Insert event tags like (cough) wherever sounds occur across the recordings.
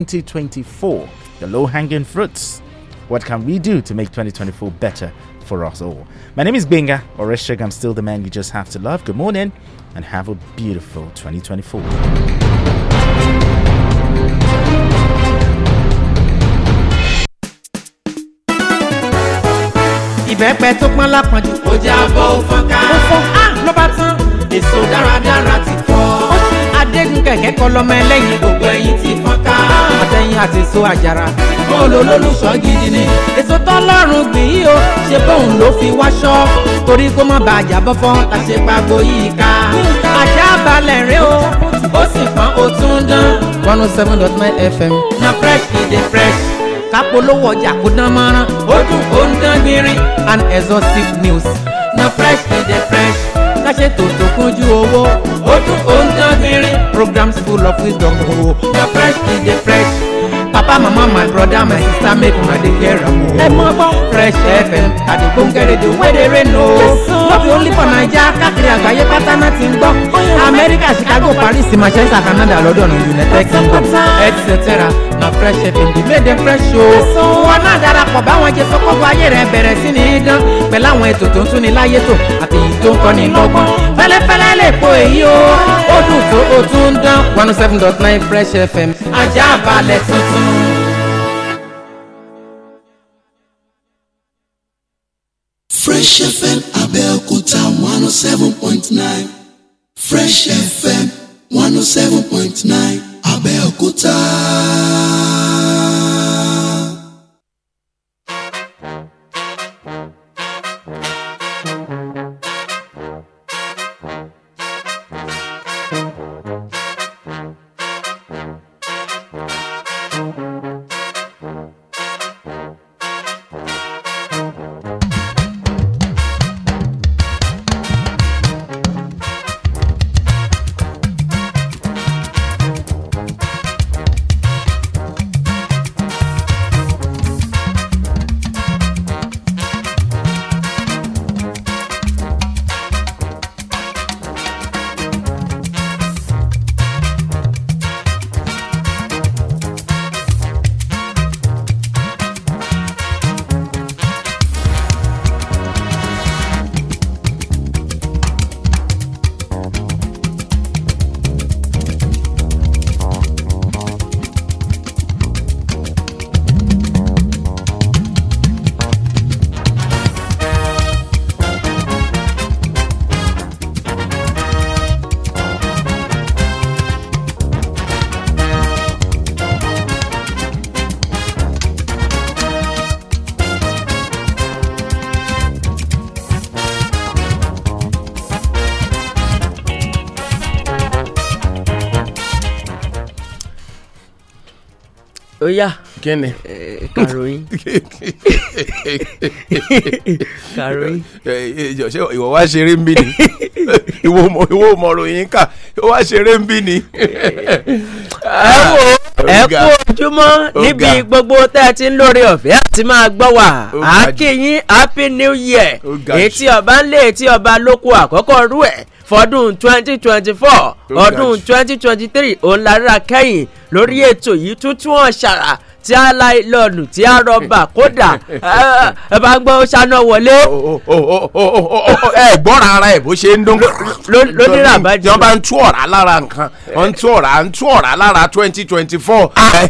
2024, the low hanging fruits. What can we do to make 2024 better for us all? My name is Binga Oreshig. I'm still the man you just have to love. Good morning and have a beautiful 2024. ìbẹ́pẹ tó pọ́n lápọ̀jù. ó jẹ́ abọ́ ká. Ah, á tán. èso dáradára ti adégún kẹ̀kẹ́ kọ lọ́mọ ẹlẹ́yin gbogbo ẹ̀yin ti fọ́n ká. àti so àjàrà. bọ́ọ̀lù gidi ni. èso tọ́lọ́run gbìn yìí o ṣe bóun ló fi wáṣọ. torí kó má bàa jábọ́ fọ́n la ṣe pàgbo yìí ká. àṣà balẹ̀ rẹ o ó sì pọ́n o tún dán. one oh seven dot nine fm. na fresh e dey fresh. kápolówó ọjà kó dán mọ́rán. ó dùn ó ń dán gbinrin. an exhaustive news. na fresh e dey fresh aláṣetò tó kúnjú owó ó dún òun tán gbinrin programs full of wisdom o oh. na fresh is the fresh papa mama my brother my sister make una dey care am o. ẹ mọ gbọ́ fresh fm àdìgbòǹgẹ̀ rédíò wey dey rain o. no be only for naija káàkiri àgbáyé pátá náà ti ń gbọ́. Oh, amẹ́ríkà chicago paris manchester canada london united kingdom etc na fresh fm dey make dem fresh o. Oh. wọn náà darapọ̀ báwọn jẹ sọ́kọ́gbọ́ ayé rẹ̀ bẹ̀rẹ̀ sí ní dán pẹ̀lú àwọn ètò tó ń túni láyé tò àti èyí tó ń kọ́ni lọ́gbọ́n fẹ́lẹ́fẹ́lẹ́ lè po èyí o oh. ó dùn tó o tún ń dán one oh seven dot nine fresh fm ajá balẹ̀ tuntun fresh fm abẹ́òkúta one oh fresh fm 107.9, oh seven ó yá kíni eh, kàròyìn (laughs) kàròyìn. (laughs) Eh, eh, ṣé ìwọ wá ṣeré ń bí ni (laughs) ìwọ mọ ìwọ mọ ròyìn kà ó wá ṣeré ń bí ni. ẹ ah, ẹ kú ojúmọ́ níbi gbogbo tẹ́ ẹ ti ń lórí ọ̀fẹ́ àti máa gbọ́ wà á kí yín happy new year ètí ọba ń lé ètí ọba lóko àkọ́kọ́ rú ẹ̀ fọdún twenty twenty four ọdún twenty twenty three òun la rà kẹ́yìn lórí ètò yìí tuntun ọ̀ṣàrà tí a la lọ́ọ̀nù tí a rọba kódà (laughs) ẹ bá ń gbọ́ ṣáná wọlé. ẹ gbọ́ra ara ẹ̀ bó ṣe ń dún. lónìí ràbájú. tí wọ́n bá ń tú ọ̀rá lára nǹkan wọ́n ń tú ọ̀rá ń tú ọ̀rá lára twenty twenty four. Ah,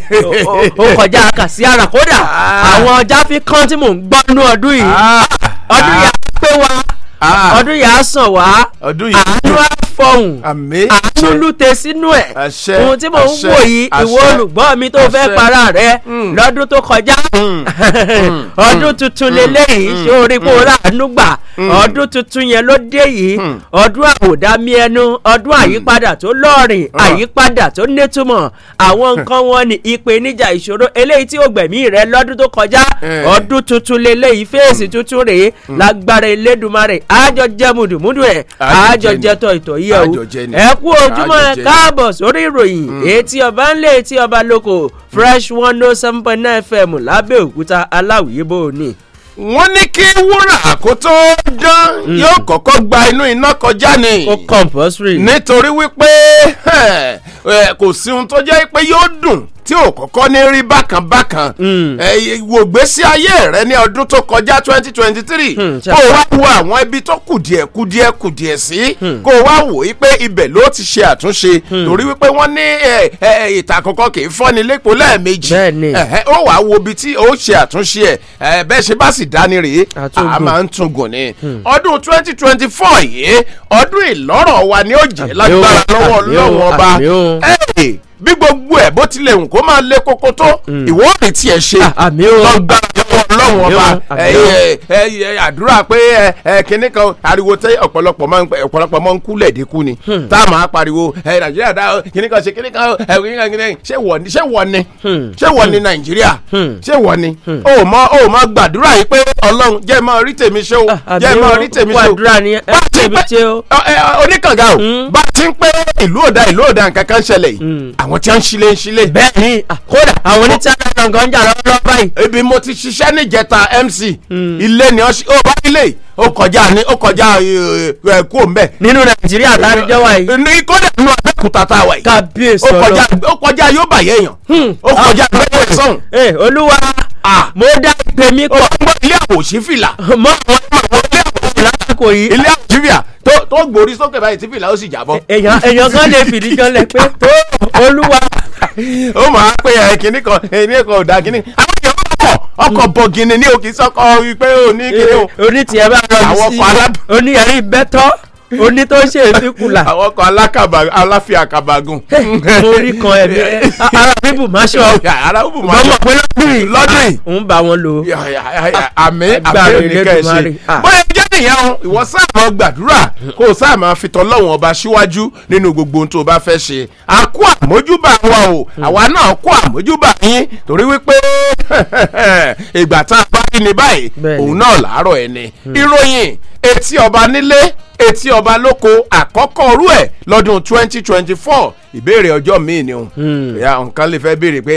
ó kọjá kàsí ara kódà ah. àwọn ọjà fi kán tí mò ń gbọ́ nú ọdún yìí ah. ọdún yìí á pé wa. Ah. ọdún yà á sàn wá ọdún yà á sàn wá fọhùn àánú lùtẹ sínú ẹ ohun tí mò ń wò yìí ìwọ olùgbọ́ mi tó fẹ́ para rẹ hmm. lọ́dún tó kọjá hmm. (laughs) Hmm. ọdún tuntun lélẹ́yìí ṣé orí kó ráàánú gbà ọdún tuntun yẹn ló dé yìí ọdún àwòdámi ẹnu ọdún àyípadà tó lọ́ọ̀rìn àyípadà tó nítumọ̀ àwọn nǹkan wọn ni ìpèníjà ìṣòro eléyìí tí ó gbẹ̀mí rẹ lọ́dún tó kọjá eh. ọdún tuntun lélẹ́yìí fèsì tuntun rèé lágbára Elédùmarè àjọ jẹ mùdùmùdù ẹ̀ àjọ jẹ tọ̀ ìtọ̀ yìí yẹ o ẹ kú ojúmọ́ káàbọ̀ sórí ìròyìn etí mm. ọba ńlẹ̀ etí ọba lóko fresh one oh seven point nine fm lábẹ́òkúta aláwìyé bò ní. wọ́n ní kí wúrà kó tó dán mm. yóò kọ́kọ́ gba inú iná kọjá ni. nítorí wípé (laughs) kò sí ohun tó jẹ́ pé yóò dùn tí ò kọ́kọ́ ní rí bákan bákan hmm. wò gbèsè ayé rẹ ní ọdún tó kọjá twenty twenty three hmm, kó o wá wo àwọn ibi tó kùdìẹ̀ kùdìẹ̀ kùdìẹ̀ sí hmm. kó o wá wò ó pé ibẹ̀ ló ti ṣe àtúnṣe torí wípé wọ́n ní ìta àkọ́kọ́ kì í fọ́ni lẹ́pọ̀ lẹ́ẹ̀mejì ó wàá wo ibi tí ó ṣe àtúnṣe ẹ̀ bẹ́ẹ̀ ṣe bá sì dání rèé a máa ń tungun ni ọdún twenty twenty four yìí ọdún ìlọ́rọ̀ wa ni ó jẹ́ lágbára lọ́wọ́ lọ́wọ́ ọba ẹ bí gbogbo ẹ̀ bó tilẹ̀ hùn kó máa lé koko tó mm. ìwọ́ọ̀rì tiẹ̀ ṣe ah, lọ́gbàá ọlọ́run ọba àdúrà pé kínní kan ariwo tẹ ọ̀pọ̀lọpọ̀ máa ń pẹ́ ọ̀pọ̀lọpọ̀ máa ń kú lẹ́ẹ̀dínkù ni hmm. tá a máa pariwo nàìjíríà dá kínní kan ṣe kínní kan kínní kan kínní ṣé wọ̀ ni ṣé wọ̀ ni hmm. ṣé wọ̀ ni hmm. nàìjíríà ṣé wọ̀ ni o mọ o mọ gbàdúrà yìí pé ọlọ́run jẹ́ mọ rí tèmi ṣe o ah, jẹ́ mọ rí tèmi ṣe o bá ti pé oníkànga o bá ti ń pé ìlú òdà ìlú òdà nǹkan kan ṣẹlẹ̀ yìí àwọn tí wọ́n ń ṣílé ń ṣílé. bẹ́ẹ̀ ni ah, kódà àwọn onítìrìnà nǹkan ń jà lọ́wọ́ báyìí. ibi mo ti ṣiṣẹ́ níj kẹta mc hmm. ilé ni ọ bá ilé ó kọjá ni, ó kọjá kú òǹbẹ. nínú nàìjíríà àtàríjọ wa yìí. ní kódà nínú abẹ́kúta tá a wà yìí. kábíyèsí ọlọ ó kọjá yóò bà yẹ yàn. ó kọjá hmm. ah. bẹ́ẹ̀ sọ̀hún. ee olúwa mo dá tèmi kọ. ọgbọ́n ilé àwòṣí fìlà. mọ àwọn ọmọ ilé àwòṣí lásìkò yìí. ilé àwòṣí fìlà tó gbòòrí sókè báyìí tí fìlà ó sì jábọ́. èèyàn èèyàn kan lè fìdí jọlẹ pé tó olúwa. ó máa pè é kínní kan kan ò dá kínní ọkọ̀ ọkọ̀ hmm. bọ̀gìnì ni òkè sọ́kọ̀ wípé òní kìnìún. Eh, eh, oní tiẹ̀ bá rọrùn sí i oníyàrá ìbẹ́tọ́ oní tó ń ṣe èéfín (laughs) kùlà. àwọn kan alákàbà aláfi àkàbàgùn. mo rí kan ẹ̀mí (laughs) ara bíbù má ṣe ọ lọ́mọ pé lọ́dún lọ́dún ah, ń bá wọn lò. Ah, àmì àmì oníkẹ́ ṣe ah. bóyá jẹ́ nìyẹn o ìwọ sáà máa gbàdúrà hmm. kó o sáà máa fi tọ́lọ́wọ̀n ọba síwájú nínú gbogbo ohun tó o bá fẹ́ ṣe. a kó àmójúbà wa o hmm. àwa náà kó àmójúbà yín torí wípé (laughs) ìgbà tá a bá rí ni báyìí òun náà làárọ̀ ẹni hmm. ìròyìn etí ọba nílé etí ọba lóko àkọ́kọ́ ọrú ẹ̀ lọ́dún twenty twenty four ìbéèrè ọjọ́ míì ni òun hmm. nǹkan lè fẹ́ béèrè pé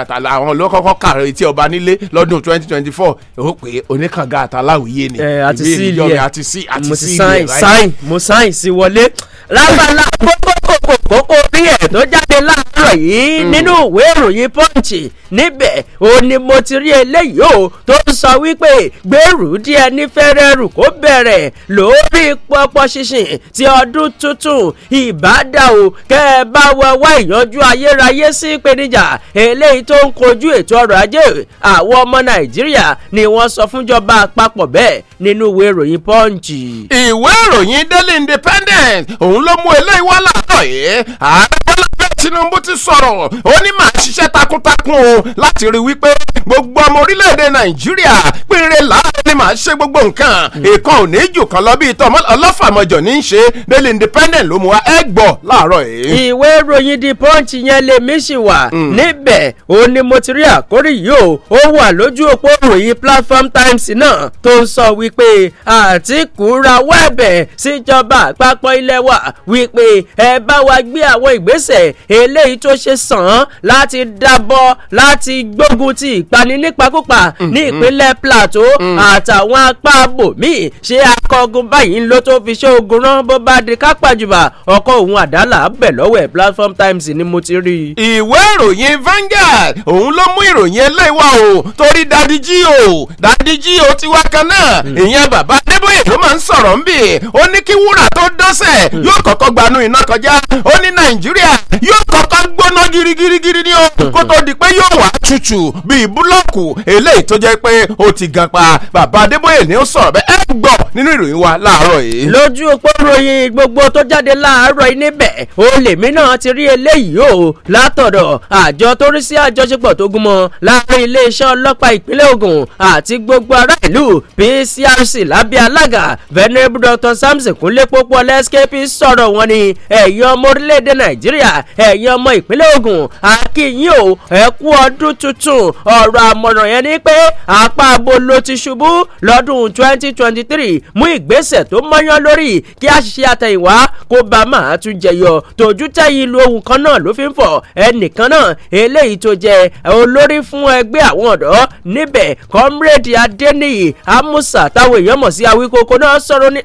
àtàlà àwọn ló kọ́kọ́ kàrọ̀ etí ọba nílé lọ́dún twenty twenty four ó pé oníkànga àtàláwìyé ni ìbéèrè ìjọ rẹ̀ àti sí àti sí ilé rẹ̀ mo sáìn sí wọlé lábala kókó kókó kókó ìpínlẹ̀ tó jáde láàárọ̀ yìí hmm. nínú ìwé ìròyìn pọ́ǹchì níbẹ̀ ò ní mo ti rí eléyìí o tó ń sọ wípé gbèrú díẹ̀ ní fẹ́rẹ́rù kó bẹ̀rẹ̀ lórí pọpọ ṣinṣin ti ọdún tuntun ìbádà o kẹ́ ẹ bá wọ wá ìyanjú ayérayé sí ìpèníjà eléyìí tó ń kojú ètò ọrọ̀ ajé àwọn ọmọ nàìjíríà ni wọ́n sọ fúnjọba àpapọ̀ bẹ́ẹ̀ nínú ìwé ìròyìn pọ́ǹchì. ìwé ìròyìn daily independent òun ló mú eléyìí wá láàárọ̀ yìí ¡Anda por la tinubu ti sọ̀rọ̀ ó ní màá ṣiṣẹ́ takuntakun o láti rí wípé gbogbo ọmọ orílẹ̀-èdè nàìjíríà péré láàrin ni màá ṣe gbogbo nǹkan èèkan ò ní jù kan lọ bí ìtọ́ ọlọ́fàmọ̀jọ̀ ní í ṣe daily independent ló mú wa ẹ gbọ́ láàárọ̀ yìí. ìwé ìròyìn the punch yẹn lèmi sì wà hmm. níbẹ̀ ó ní mo ti rí àkórí yìí o ó wà lójú òpó ìròyìn platform times náà tó ń sọ wípé àtìkù rawọ́ ẹ̀bẹ̀ síjọba àpapọ̀ ilé wa wípé ẹ bá wa gbé àwọn ìgbésẹ̀ eléyìí tó ṣe sàn án láti dábọ́ láti gbógun ti ìpani nípakúpa mm, ní mm. ìpínlẹ̀ plateau mm. àtàwọn apá abòmíì ṣe akọgun báyìí ló tó fi ṣe ogun rán bó bá di kápájùbà ọkọ òun àdálà bẹ̀ lọ́wọ́ ẹ̀ platform times ni mo ti rí. ìwé ìròyìn Vanguard òun ló mú ìròyìn eléwà o torí dadi jí o dadi jí o tiwa kan náà ìyẹn bàbá adébóyè tó máa ń sọ̀rọ̀ ń bì ó ní kí wúrà tó dọ́sẹ̀ yóò kọ́kọ́ gbanú iná kọjá ó ní nàìjíríà yóò yóò kọ́kọ́ gbóná girigirigiri ní òkú hmm. kó tó di pé yóò wá tutù bíi búlọ́ọ̀kù eléyìí tó jẹ́ pé ó ti gan pa bàbá adébóyè ni ó sọ̀rọ̀ bẹ́ẹ̀ ẹ gbọ́ nínú ìròyìn wa láàárọ̀ yìí. lójú òpó ròyìn gbogbo tó jáde láàárọ̀ yìí níbẹ̀ ó lèmi náà ti rí eléyìí o látọ̀dọ̀ àjọ tó rí sí àjọṣepọ̀ tó gúnmọ́ láàrin iléeṣẹ́ ọlọ́pàá ìpínlẹ̀ Ògùn àti gbogbo ará ìlú PCRC lábẹ́ alága venerable Dr. Samson Kúnlé Pópóọlá SKP sọ̀rọ̀ wọn ni ẹ̀yin ọmọ orílẹ̀-èdè Nàìjíríà ẹ ẹ̀yin ọmọ ìpínlẹ̀ Ògùn akínyìn o ẹ kú ọdún tuntun ọ̀rọ̀ àmọ̀ràn yẹn ni pé apá abo ló ti ṣubú lọ́dún twenty twenty three mú ìgbésẹ̀ tó mọ́yán lórí kí àṣìṣe àtẹ̀yìnwá kó bá máa tún jẹyọ tòjú tẹ̀yìn lu ohun kan náà ló fi ń fọ̀ ẹnìkan náà eléyìí tó jẹ olórí fún ẹgbẹ́ àwọn ọ̀dọ́ níbẹ̀ comrade Adeniyi Amusa táwọn èèyàn mọ̀ sí Awíkókó náà sọ̀rọ̀ ní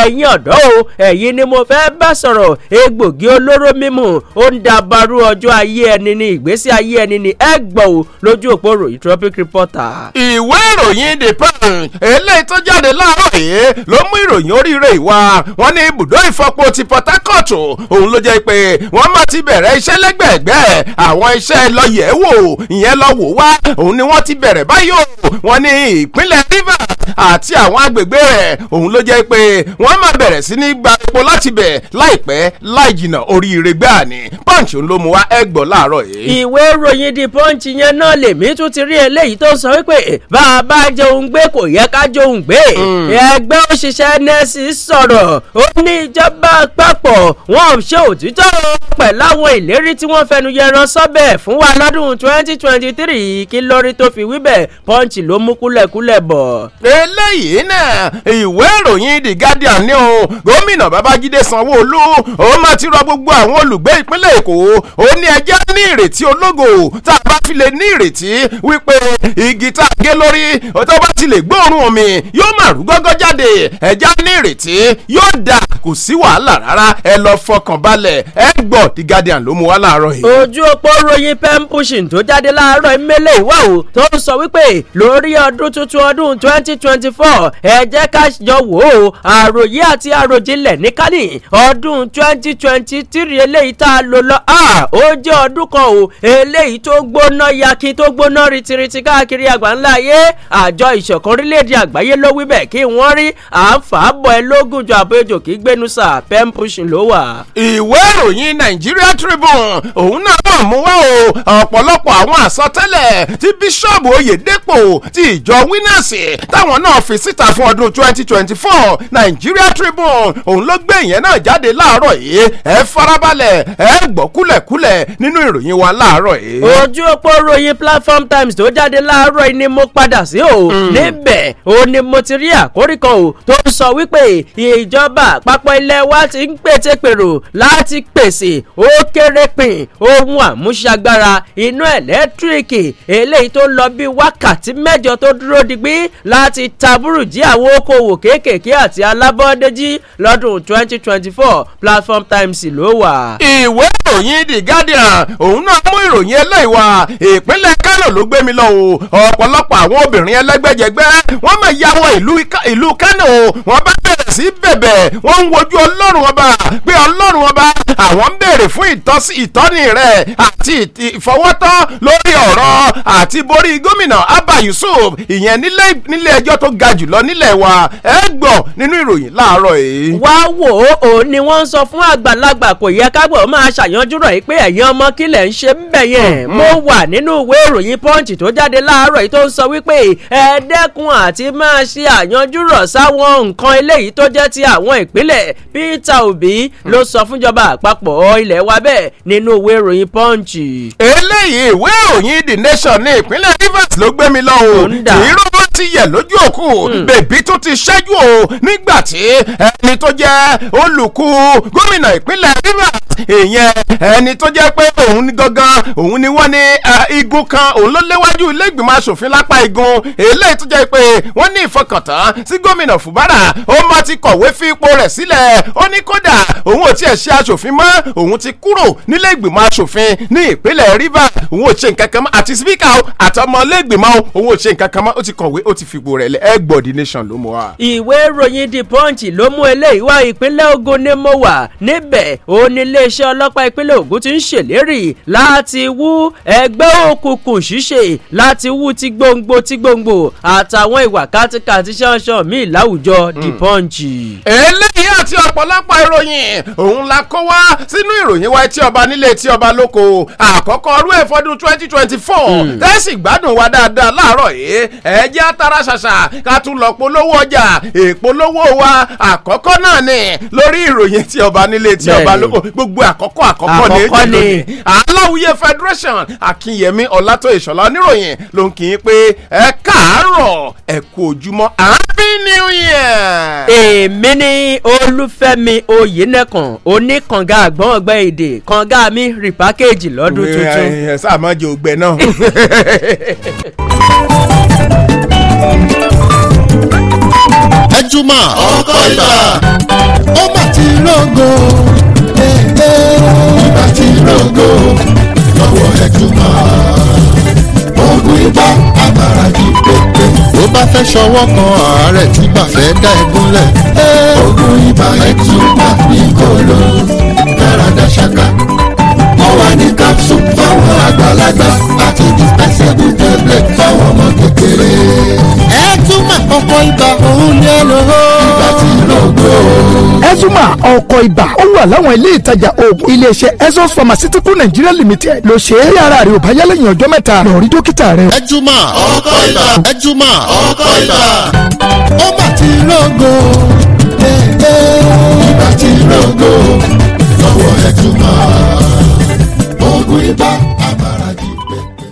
ẹ̀yin ọ̀dọ́ o ẹ̀yin ni mo fẹ́ bá sọ̀rọ̀ egbògi olóró mímu ó ó ń dàbàrú ọjọ́ ayé ẹni ní ìgbésí ayé ẹni ní ẹgbọ̀n o lójú òpó ròyìn tropic reporter. ìwé ìròyìn the pan, eléyìí tó jáde láàárọ̀ yìí ló mú ìròyìn oríire ìwà wọn ní ibùdó ìfọpo ti Port Harcourt òun ló jẹ́ pé wọ́n má ti bẹ̀rẹ̀ iṣẹ́ lẹ́gbẹ̀ẹ́gbẹ́ àwọn iṣẹ́ lọ́yẹ̀ wò ìyẹn lọ wò wá òun ni wọ́n ti bẹ̀rẹ̀ báyìí o wọ́n ní ìpínlẹ̀ Rivers àti àwọn agbègbè rẹ̀ òun ló jẹ́ pé wọ́n máa bẹ̀rẹ̀ sí ní gba epo láti bẹ̀ láìpẹ́ láì jìnnà oríire gbáà ni punch ló mu wá ẹ gbọ́ láàárọ̀ yìí. ìwé ìròyìn di punch yẹn náà lèmi tún ti rí eléyìí tó sọ wípé bàbá eh, jẹun gbé kò yẹ ká jẹun gbé hmm. ẹgbẹ́ òṣìṣẹ́ nẹ́ẹ̀sì sọ̀rọ̀ ó ní ìjọba àpapọ̀ wọn ò ṣe òtítọ́ pẹ̀lú àwọn ìlérí tí wọ́n fẹnu yẹran sọ́bẹ̀ fún wa lọ́dún twenty twenty three kí lórí tó fi wí punch ló mú kúlẹ̀kúlẹ̀ bọ̀. eléyìí náà ìwé ìròyìn the guardian ní o gómìnà babájídé sanwó-olú òun máa ti rọ gbogbo àwọn olùgbé ìpínlẹ̀ ìpínlẹ̀ èkó ó ní ẹjẹ́ ní ìrètí ológo tá a bá fi lè ní ìrètí wípé igi tá a gé lórí tó bá ti lè gbóòórùn omi yóò máa rú gọ́gọ́ jáde ẹjẹ́ ní ìrètí yóò dà kò sí wàhálà rárá ẹ lọ fọkàn balẹ̀ ẹ gbọ́ The Guardian ló mú wá láàárọ̀ yìí. ojú òpó ròyìn pen pushing tó jáde láàárọ̀ ìmẹ́lẹ̀ ìwà o tó ń sọ wípé lórí ọdún tuntun ọdún twenty twenty four ẹ jẹ́ ká jọ wò ó àròyé àti àròjinlẹ̀ níkàlì ọdún twenty twenty three eléyìí tá a lò lọ ó jẹ́ ọdún kan o eléyìí tó gbóná yakin tó gbóná ritiriti káàkiri àgbà ńlá ayé àjọ ìṣọ̀kan orílẹ̀-èdè àgbáyé ló wí bẹ́ẹ̀ kí wọ́n rí à ń fà á bọ̀ ẹ lógún ju àbẹ́jọ kí gbénu sà pen pushing ló wà. ìwé ìròyìn Nigeria Tribune òun náà mọ̀ mú wá o ọ̀pọ̀lọpọ̀ àwọn àsọtẹ́lẹ̀ tí bíṣọ̀bù Oyèdépò ti ìjọ winners táwọn náà fi síta fún ọdún twenty twenty four Nigeria Tribune òun ló gbé ìyẹn náà jáde láàárọ̀ yìí ẹ farabalẹ̀ ẹ ẹ gbọ́ kúlẹ̀kúlẹ̀ nínú ìròyìn wa láàárọ̀ yìí. ojú òpó ròyìn platform times tó jáde láàárọ̀ yìí ni mo padà sí o mm. níbẹ̀ o ni mo ti rí àkórí kan o tó sọ wípé ìjọba àpapọ̀ ilẹ̀ wa ti ń pètèpèrò láti pèsè ó kéré pin ohun àmúṣagbára iná ẹ̀lẹ́tíríkì eléyìí tó lọ bí wákàtí mẹ́jọ tó dúró digbí láti taburú jí àwọn okòwò kéékèèké àti alábọ́ọ́dẹ́jì lọ́dún twenty twenty four platform times ló wà. ìwé ó ròyìn the guardian òun náà mú ìròyìn eléyìí wá ìpínlẹ̀ kánò ló gbé mi lọ o ọ̀pọ̀lọpọ̀ àwọn obìnrin ẹlẹ́gbẹ́jẹgbẹ́ wọ́n mọ̀ ya wọ ìlú kánò wọ́n bá bẹ̀rẹ̀ sí bẹ̀bẹ̀ wọ́n ń wojú ọlọ́run ọba pé ọlọ́run ọba àwọn ń béèrè fún ìtọ́ni rẹ̀ àti ìfọwọ́tọ́ lórí ọ̀rọ̀ àti borí gómìnà Abba Yusuf ìyẹn nílé ẹjọ́ tó ga jùlọ nílẹ̀ wa ẹ gbọ́ nínú ìròyìn láàárọ̀ yìí. wá wò ó ò ní wọ́n ń sọ fún àgbàlagbà kò yẹ kágbọ̀ máa ṣàyànjú rẹ̀ pé ẹ̀yin ọmọ kílẹ̀ ń ṣe ń bẹ̀ yẹn mm-hmm. mo wà nínú ìwé ìròyìn punch tó jáde láàárọ̀ yìí tó ń sọ wípé ẹ dẹ́kun àti máa ṣe àyànjú rọ̀ sáwọn nǹkan eléyìí tó tó jẹ́ ti àwọn ìpínlẹ̀ Peter Obi ló sọ fúnjọba àpapọ̀ ilẹ̀ wa bẹ́ẹ̀ nínú ìwé ìròyìn Punch. eléyìí ìwé ìròyìn The Nation ní ìpínlẹ̀ Rivers ló gbé mi lọ kì í rò ti yẹ̀ lójú òkú hmm. bèbí tó ti ṣẹ́jú o nígbà tí ẹni tó jẹ́ olùkú gómìnà ìpínlẹ̀ rivers ìyẹn ẹni tó jẹ́ pé òun ni gangan òun ni wọ́n ní igun kan òun ló léwájú ilé ìgbìmọ̀ asòfin lápá igun eléyìí tó jẹ́ pé wọ́n ní ìfọkàntán sí gómìnà fùbárà ó má ti kọ̀wé fi ipò rẹ̀ sílẹ̀ ó ní kódà òun ò tiẹ̀ ṣe asòfin mọ́ òun ti kúrò nílé ìgbìmọ̀ asòfin ní ìpínlẹ̀ rivers òun ò ṣe nǹkan kan mọ́ àti spíkà àtọmọ ilé ìgbìmọ̀ òun ò ṣe nǹkan kan mọ́ ó ti kọ̀wé ó ti fipò rẹ̀ lẹ̀ ẹgbọ́ the nation ló mú wa. ìwé ìròyìn the punch ló mú eléyìí wá ìpínlẹ̀ Ògùn ni mo wà níbẹ̀ òun iléeṣẹ́ ọlọ́pàá ìpínlẹ̀ Ògùn ti ń ṣèlérí láti wú ẹgbẹ́ òkùnkùn ṣíṣe láti wú ti gbòǹgbò ti gbòǹgbò àtàwọn ìwà kátikàti ṣánṣán míì láwùjọ the hmm. punch. eléyìí àti ọ̀pọ̀lọpọ̀ ìròyìn òun la kó wá sínú ìròyìn wa etí ọba nílé etí ọba lóko àkọ́kọ́ ọdún ẹ̀fọ́dún twenty twenty four hmm. tẹ́sí gbádùn wa dáadáa láàárọ̀ yìí ẹ jẹ́ atara ṣàṣà ká tún lọ polówó ọjà ìpolówó wa àkọ́kọ́ náà ni lórí ìròyìn etí ọba nílé etí ọba lóko gbogbo àkọ́kọ́ àkọ́kọ́ ni èjì lónìí aláwùyé federation akínyẹmí ọlátó ìṣọ̀lá oníròyìn ló ń kì í pé ẹ káàárọ̀ ẹ ojúmọ́ happy new year. èmi ni olú olúfẹ́mi oyinẹ̀kan oníkànga àgbọ̀n ọgbẹ́ èdè kànga mi rìpákéjì lọ́dún tuntun. ẹ sáà má jẹ ògbẹ náà. (laughs) ẹjúmọ́ ọkọ ibà ó mà ti rògo ibà ti rògo lọ́wọ́ ẹjúmọ́ oògùn ibà àbàràjì pépé tó bá fẹ́ ṣọwọ́ kan àárẹ̀ tí bá fẹ́ dá ẹ gúnlẹ̀. oògùn ibà ẹtùpà ní kòló dáradá ṣáká ó wà ní capsule fáwọn àgbàlagbà àti dispensable tablet fáwọn ọmọ kékeré. ẹtùmà ọkọ ibà òun ni ẹ lò ó ezuma ọkọ̀ ibà ó wà láwọn ilé ìtajà oògùn iléeṣẹ́ ezos pharmaceutical nigeria limited ló ṣe é rí ara rẹ̀ ò bá yá lẹ́yìn ọjọ́ mẹ́ta lọ rí dókítà rẹ̀. ezuma ọkọ̀ ibà ezuma ọkọ̀ ibà. ó bá ti rògo ibà eh, eh. ti rògo lọ́wọ́ ezuma oògùn ibà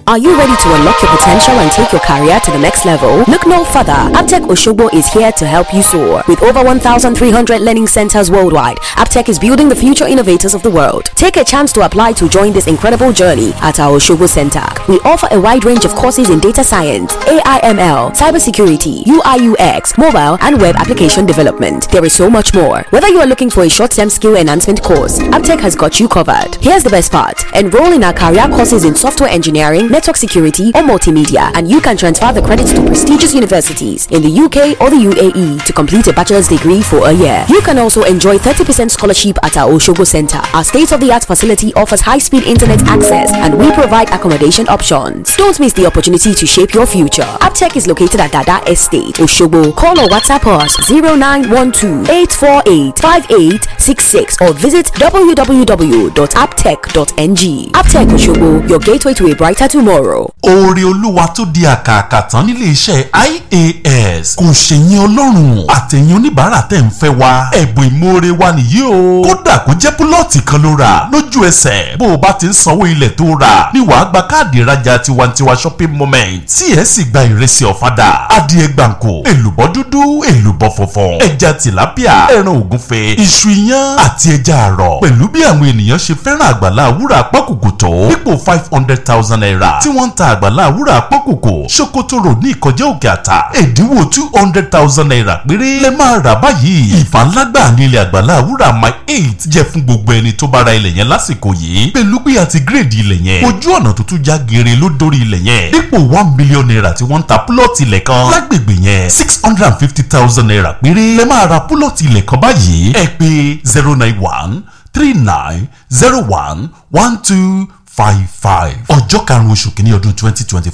Are you ready to unlock your potential and take your career to the next level? Look no further. Aptech Oshogbo is here to help you soar. With over 1,300 learning centers worldwide, Aptech is building the future innovators of the world. Take a chance to apply to join this incredible journey at our Oshogbo Center. We offer a wide range of courses in data science, AIML, cybersecurity, UIUX, mobile, and web application development. There is so much more. Whether you are looking for a short-term skill enhancement course, Aptech has got you covered. Here's the best part. Enroll in our career courses in software engineering, network security, or multimedia, and you can transfer the credits to prestigious universities in the UK or the UAE to complete a bachelor's degree for a year. You can also enjoy 30% scholarship at our Oshogo Center. Our state of the art facility offers high speed internet access and we provide accommodation options. Don't miss the opportunity to shape your future. Aptech is located at Dada Estate, Oshogo. Call or WhatsApp us 0912 848 5866 or visit www.aptech.ng. Aptech Oshogo, your gateway to a brighter tomorrow. tomorrow. oore olúwa tó di àkàkà tán nílé iṣẹ́ ias kò ṣèyìn ọlọ́run àtẹ̀yìn oníbàárà tẹ̀ ń fẹ́ wa ẹ̀bùn ìmoore wa nìyí o kódà kó jẹ́ púlọ̀tì kan ló rà lójú ẹsẹ̀ bó o bá ti ń sanwó ilẹ̀ tó rà ni wàá gba káàdì ìrajà tiwantiwa shopping moment tí ẹ sì gba ìrẹsì ọ̀fadà adìẹ gbàǹkó èlùbọ́ dúdú èlùbọ́ funfun ẹja tìlápíà ẹran ògúnfe iṣu iyán àti ẹja àrọ̀ pẹ̀lú bí àwọn ènìyàn ṣe fẹ́ràn àgbàlá àwúrà pọ́kùkù tó dípò five hundred thousand naira tí wọ́n ń ta àgbàlá àwúrà àpọ́kòkò ṣòkòtò rò ní ìkọjẹ́ òkè àtà ẹ̀dínwó two hundred thousand naira péré lẹ́ máa rà báyìí ìfànlágbà ní àgbàlá àwúrà my eight jẹ́ fún gbogbo ẹni tó bá ra ilẹ̀ yẹn lásìkò yìí pẹ̀lú pé àti gírèdì ilẹ̀ yẹn ojú ọ̀nà tuntun já geere ló dórí ilẹ̀ yẹn dípò one million naira tí wọ́n ń ta púlọ̀tì ilẹ̀ kan lágbègbè yẹn six hundred and fifty thousand naira péré lẹ́ máa ra púlọ̀tì ilẹ̀ kan báyìí ẹ pè zero nine one three nine zero one one two five five. ọjọ́ karùn-ún oṣù kìíní ọdún twenty twenty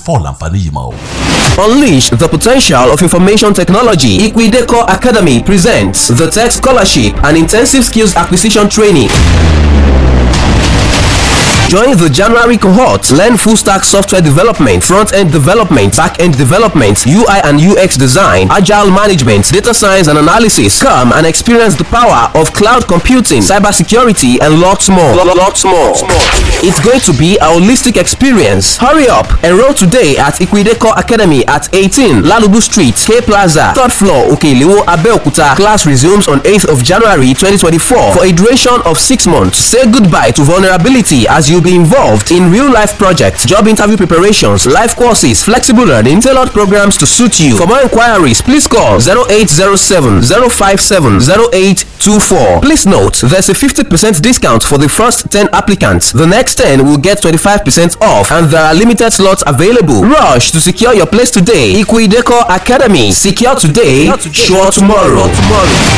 yìí máa wò. Unleash the potential of information technology. Equideco Academy presents the Tech Scholarship and Intensive Skills Acquisition Training. Join the January cohort. Learn full stack software development, front end development, back end development, UI and UX design, agile management, data science and analysis. Come and experience the power of cloud computing, cybersecurity, and lots more. Lots more. It's going to be a holistic experience. Hurry up! Enroll today at Equideco Academy at 18 Lalubu Street, K Plaza, third floor, Okeliwo, Abeokuta. Class resumes on 8th of January 2024 for a duration of six months. Say goodbye to vulnerability as you You'll be involved in real life projects, job interview preparations, life courses, flexible learning, tailored programs to suit you. For more inquiries, please call 0807 057 0824. Please note there's a 50% discount for the first 10 applicants. The next 10 will get 25% off, and there are limited slots available. Rush to secure your place today. Equideco Academy. Secure today, secure today sure tomorrow. tomorrow.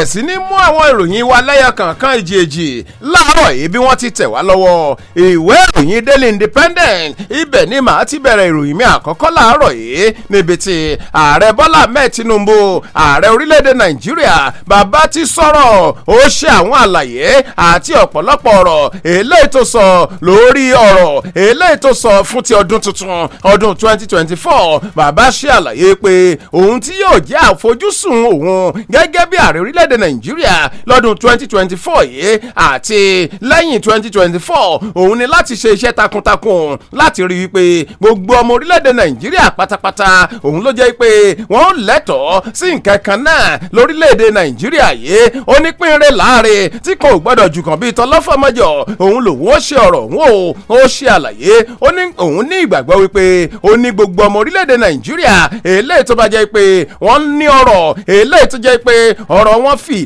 bẹ̀rẹ̀ sí ní mú àwọn ìròyìn wa lẹ́yọ kọ̀ọ̀kan èjì èjì láàárọ̀ yìí bí wọ́n ti tẹ̀ wá lọ́wọ́ ìwé ìròyìn daily independent ibẹ̀ ni màá ti bẹ̀rẹ̀ ìròyìn mi àkọ́kọ́ láàárọ̀ yìí níbi tí ààrẹ bọ́lá ahmed tinubu ààrẹ orílẹ̀-èdè nàìjíríà bàbá ti sọ̀rọ̀ ó ṣe àwọn àlàyé àti ọ̀pọ̀lọpọ̀ ọ̀rọ̀ eléyìí tó sọ lórí ọ̀rọ̀ eléyìí tó sọ fún ti ọdún tuntun ọdún 2024 bàbá ṣe àlàyé pé òun tí yóò jẹ́ àfojúsùn òun gẹ́gẹ́ bí 2024 yìí pé lẹ́yìn twenty twenty four òun ni láti ṣe iṣẹ́ takuntakun láti rí i pé gbogbo ọmọ orílẹ̀-èdè nàìjíríà pátápátá òun ló jẹ́ pé wọ́n lẹ́tọ̀ọ́ sí nǹkan kan náà lórílẹ̀-èdè nàìjíríà yìí onípínrẹ̀ láàrin tí kò gbọ́dọ̀ jù kàn bíi tọlọ́fọ̀mọjọ òun lòun ó ṣe ọ̀rọ̀ òun ó ṣe àlàyé òun ní ìgbàgbọ́ wípé ó ní gbogbo ọmọ orílẹ̀-èdè nàìjíríà eléyìí tó bá jẹ́ pé wọ́n ní ọ̀rọ̀ eléyìí tó jẹ́ pé ọ̀rọ̀ wọn fi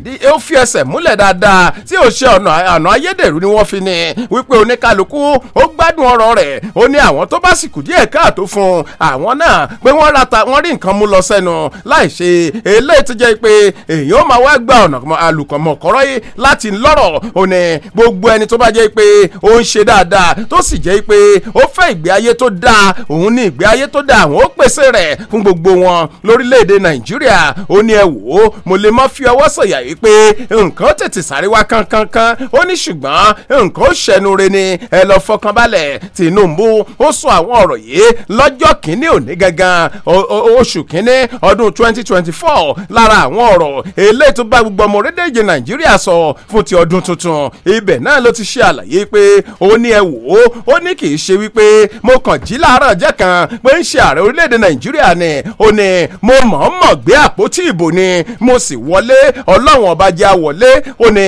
ẹsẹ̀ múlẹ̀ dáadáa tí ò ṣe ọ̀nà ayé ayédèrú ni wọ́n fi ní wípé oníkálukú ó gbádùn ọ̀rọ̀ rẹ̀ ó ní àwọn tó bá sì kù díẹ̀ káàtó fún àwọn náà pé wọ́n rata wọ́n rí nǹkan mú lọ sẹ́nu láì ṣe eléyìí ti jẹ́ pé èèyàn máa wá gba ọ̀nà àlùkọ̀mọ̀ kọ́rọ́ yìí láti lọ́rọ̀ ó ní gbogbo ẹni tó bá jẹ́ pé ó ń ṣe dáadáa tó sì jẹ́ pé ó fẹ́ ìgbé ayé tó dáa òun ní ìgbé ayé tó dáa àwọn ó pèsè rẹ̀ fún gbogbo wọn lórílẹ̀‐èdè nàìjíríà ó ní ẹ wò ó mo lè má fi ọwọ́ sọ̀yà yìí pé nǹkan tètè sáré wá kankankan ó ní ṣùgbọ́n nǹkan ó ṣẹnure ni ẹ lọ fọkànbalẹ̀ Tinubu ó sọ àwọn ọ̀rọ̀ yìí lọ́jọ́ kínní òní gangan oṣù kínní ọdún twenty twenty four lára àwọn ọ̀rọ̀ eléyìí tó bá gbogbo ọmọ orílẹ̀-èdè Nàìjíríà sọ fún ti ọdún tuntun ibẹ̀ náà ló ti ṣe àlàyé pé ó ní ẹ wò ó ó ní kì í ṣe wípé mo kàn jí láàárọ̀ ọjọ́ kan pé ń ṣe ààrẹ orílẹ̀-èdè Nàìjíríà ni ó ní mo mọ̀ọ́mọ̀ gbé àpótí ìbò ni mo sì wọlé ọlọ́run ọba jẹ́ àwọlé ó ní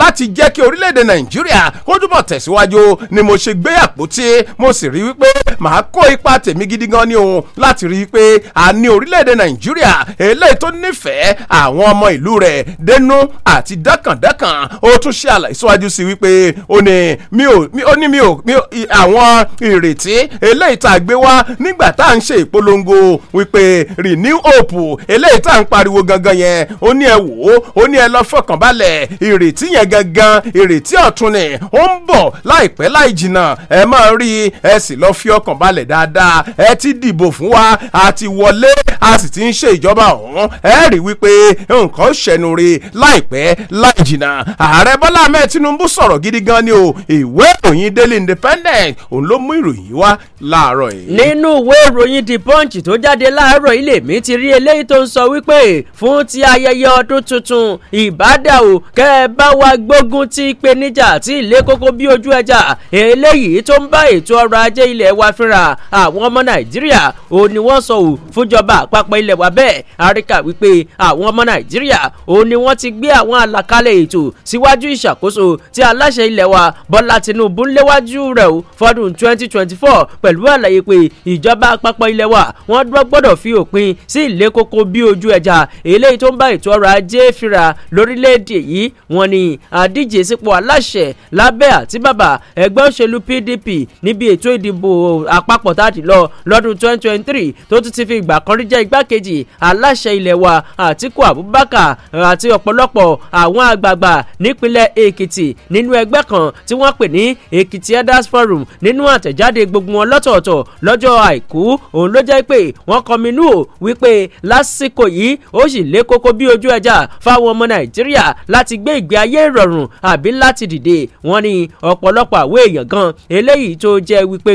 láti jẹ́ kí orílẹ̀ orílẹ̀-èdè nàìjíríà kó túbọ̀ tẹ̀síwájú ni mo ṣe gbé àpótí mo sì rí wípé màá kó ipa tèmi gidi gan ni òun láti rí i pé a ní orílẹ̀-èdè nàìjíríà eléyìí tó nífẹ̀ẹ́ àwọn ọmọ ìlú rẹ̀ dénú àti dákàndákàn ó tún ṣe àlàyé síwájú sí wípé ó ní mi ò ó ní mi ò àwọn ìrètí eléyìí tá a gbé wá nígbà tá à ń ṣe ìpolongo wípé renew hope eléyìí tá à ń pariwo gangan yẹn ó ní ẹ wò ó ó ní ẹ lọ fọkànbalẹ̀ ìrètí yẹn gangan ìrètí etí ọ̀tún ni ó ń bọ̀ láìpẹ́ láì jìnnà ẹ máa rí ẹ sì lọ́ọ́ fi ọkàn balẹ̀ dáadáa ẹ ti dìbò fún wa a ti wọlé a sì ti ń ṣe ìjọba ọ̀hún ẹ rí wípé nǹkan ṣẹnu rí láìpẹ́ láì jìnnà ààrẹ bọ́lá ahmed tinubu sọ̀rọ̀ gidi gan ni o ìwé ìròyìn daily independent òun ló mú ìròyìn wá láàárọ̀ yìí. nínú ìwé ìròyìn the punch tó jáde láàárọ̀ ilé mi ti rí eléyìí tó ń sọ wípé fún ti ayẹyẹ ọdún tuntun ìbádà kẹ́ ẹ bá wa gbógun ti pé ìpèníjà tí ilé kókó bí ojú ẹja eléyìí tó ń bá ètò ọrọ̀ ajé ilẹ̀ wa fínra àwọn ọmọ nàìjíríà ò ní wọ́n sọ ò fúnjọba àpapọ̀ ilẹ̀ wa bẹ́ẹ̀ àríkà wípé àwọn ọmọ nàìjíríà ò ní wọ́n ti gbé àwọn àlàkalẹ̀ ètò síwájú ìṣàkóso tí aláṣẹ ilẹ̀ wa bọ́lá tinubu ń léwájú rẹ̀ o fọdún twenty twenty four pẹ̀lú àlàyé pé ìjọba àpapọ̀ ilẹ̀ wa wọ́n dúró gbọ́dọ̀ fi òpin sí ilé kókó bí ojú ẹja eléyìí tó ń bá ètò ọrọ̀ ajé fínra lórílẹ̀‐èdè yìí wọ́n ní àdíje sípò aláṣẹ lábẹ́ àti bàbà ẹgbẹ́ òṣèlú PDP níbi ètò ìdìbò àpapọ̀ tààdì lọ lọ́dún 2023 tó tún ti fi ìgbà kan rí jẹ́ igbákejì aláṣẹ ilẹ̀ wa Àtíkù Abubakar àti ọ̀pọ̀lọpọ̀ àwọn àgbààgbà nípínlẹ̀ Èkìtì nínú ẹgbẹ́ kan tí wọ́n pè ní Èkìtì Elders Forum nínú àtẹ̀jáde gbogbo wọn lọ́tọ̀ọ̀tọ̀ lọ́jọ́ àìkú òun ló jẹ́ pé wọ́n kọminú ò wípé lásìkò yìí ó sì lé koko bí ojú ẹja fáwọn ọmọ Nàìjíríà láti gbé ìgbé ayé ìrọ̀rùn àbí lá láti dìde wọ́n ní ọ̀pọ̀lọpọ̀ àwọ̀ èèyàn gan eléyìí tó jẹ́ wípé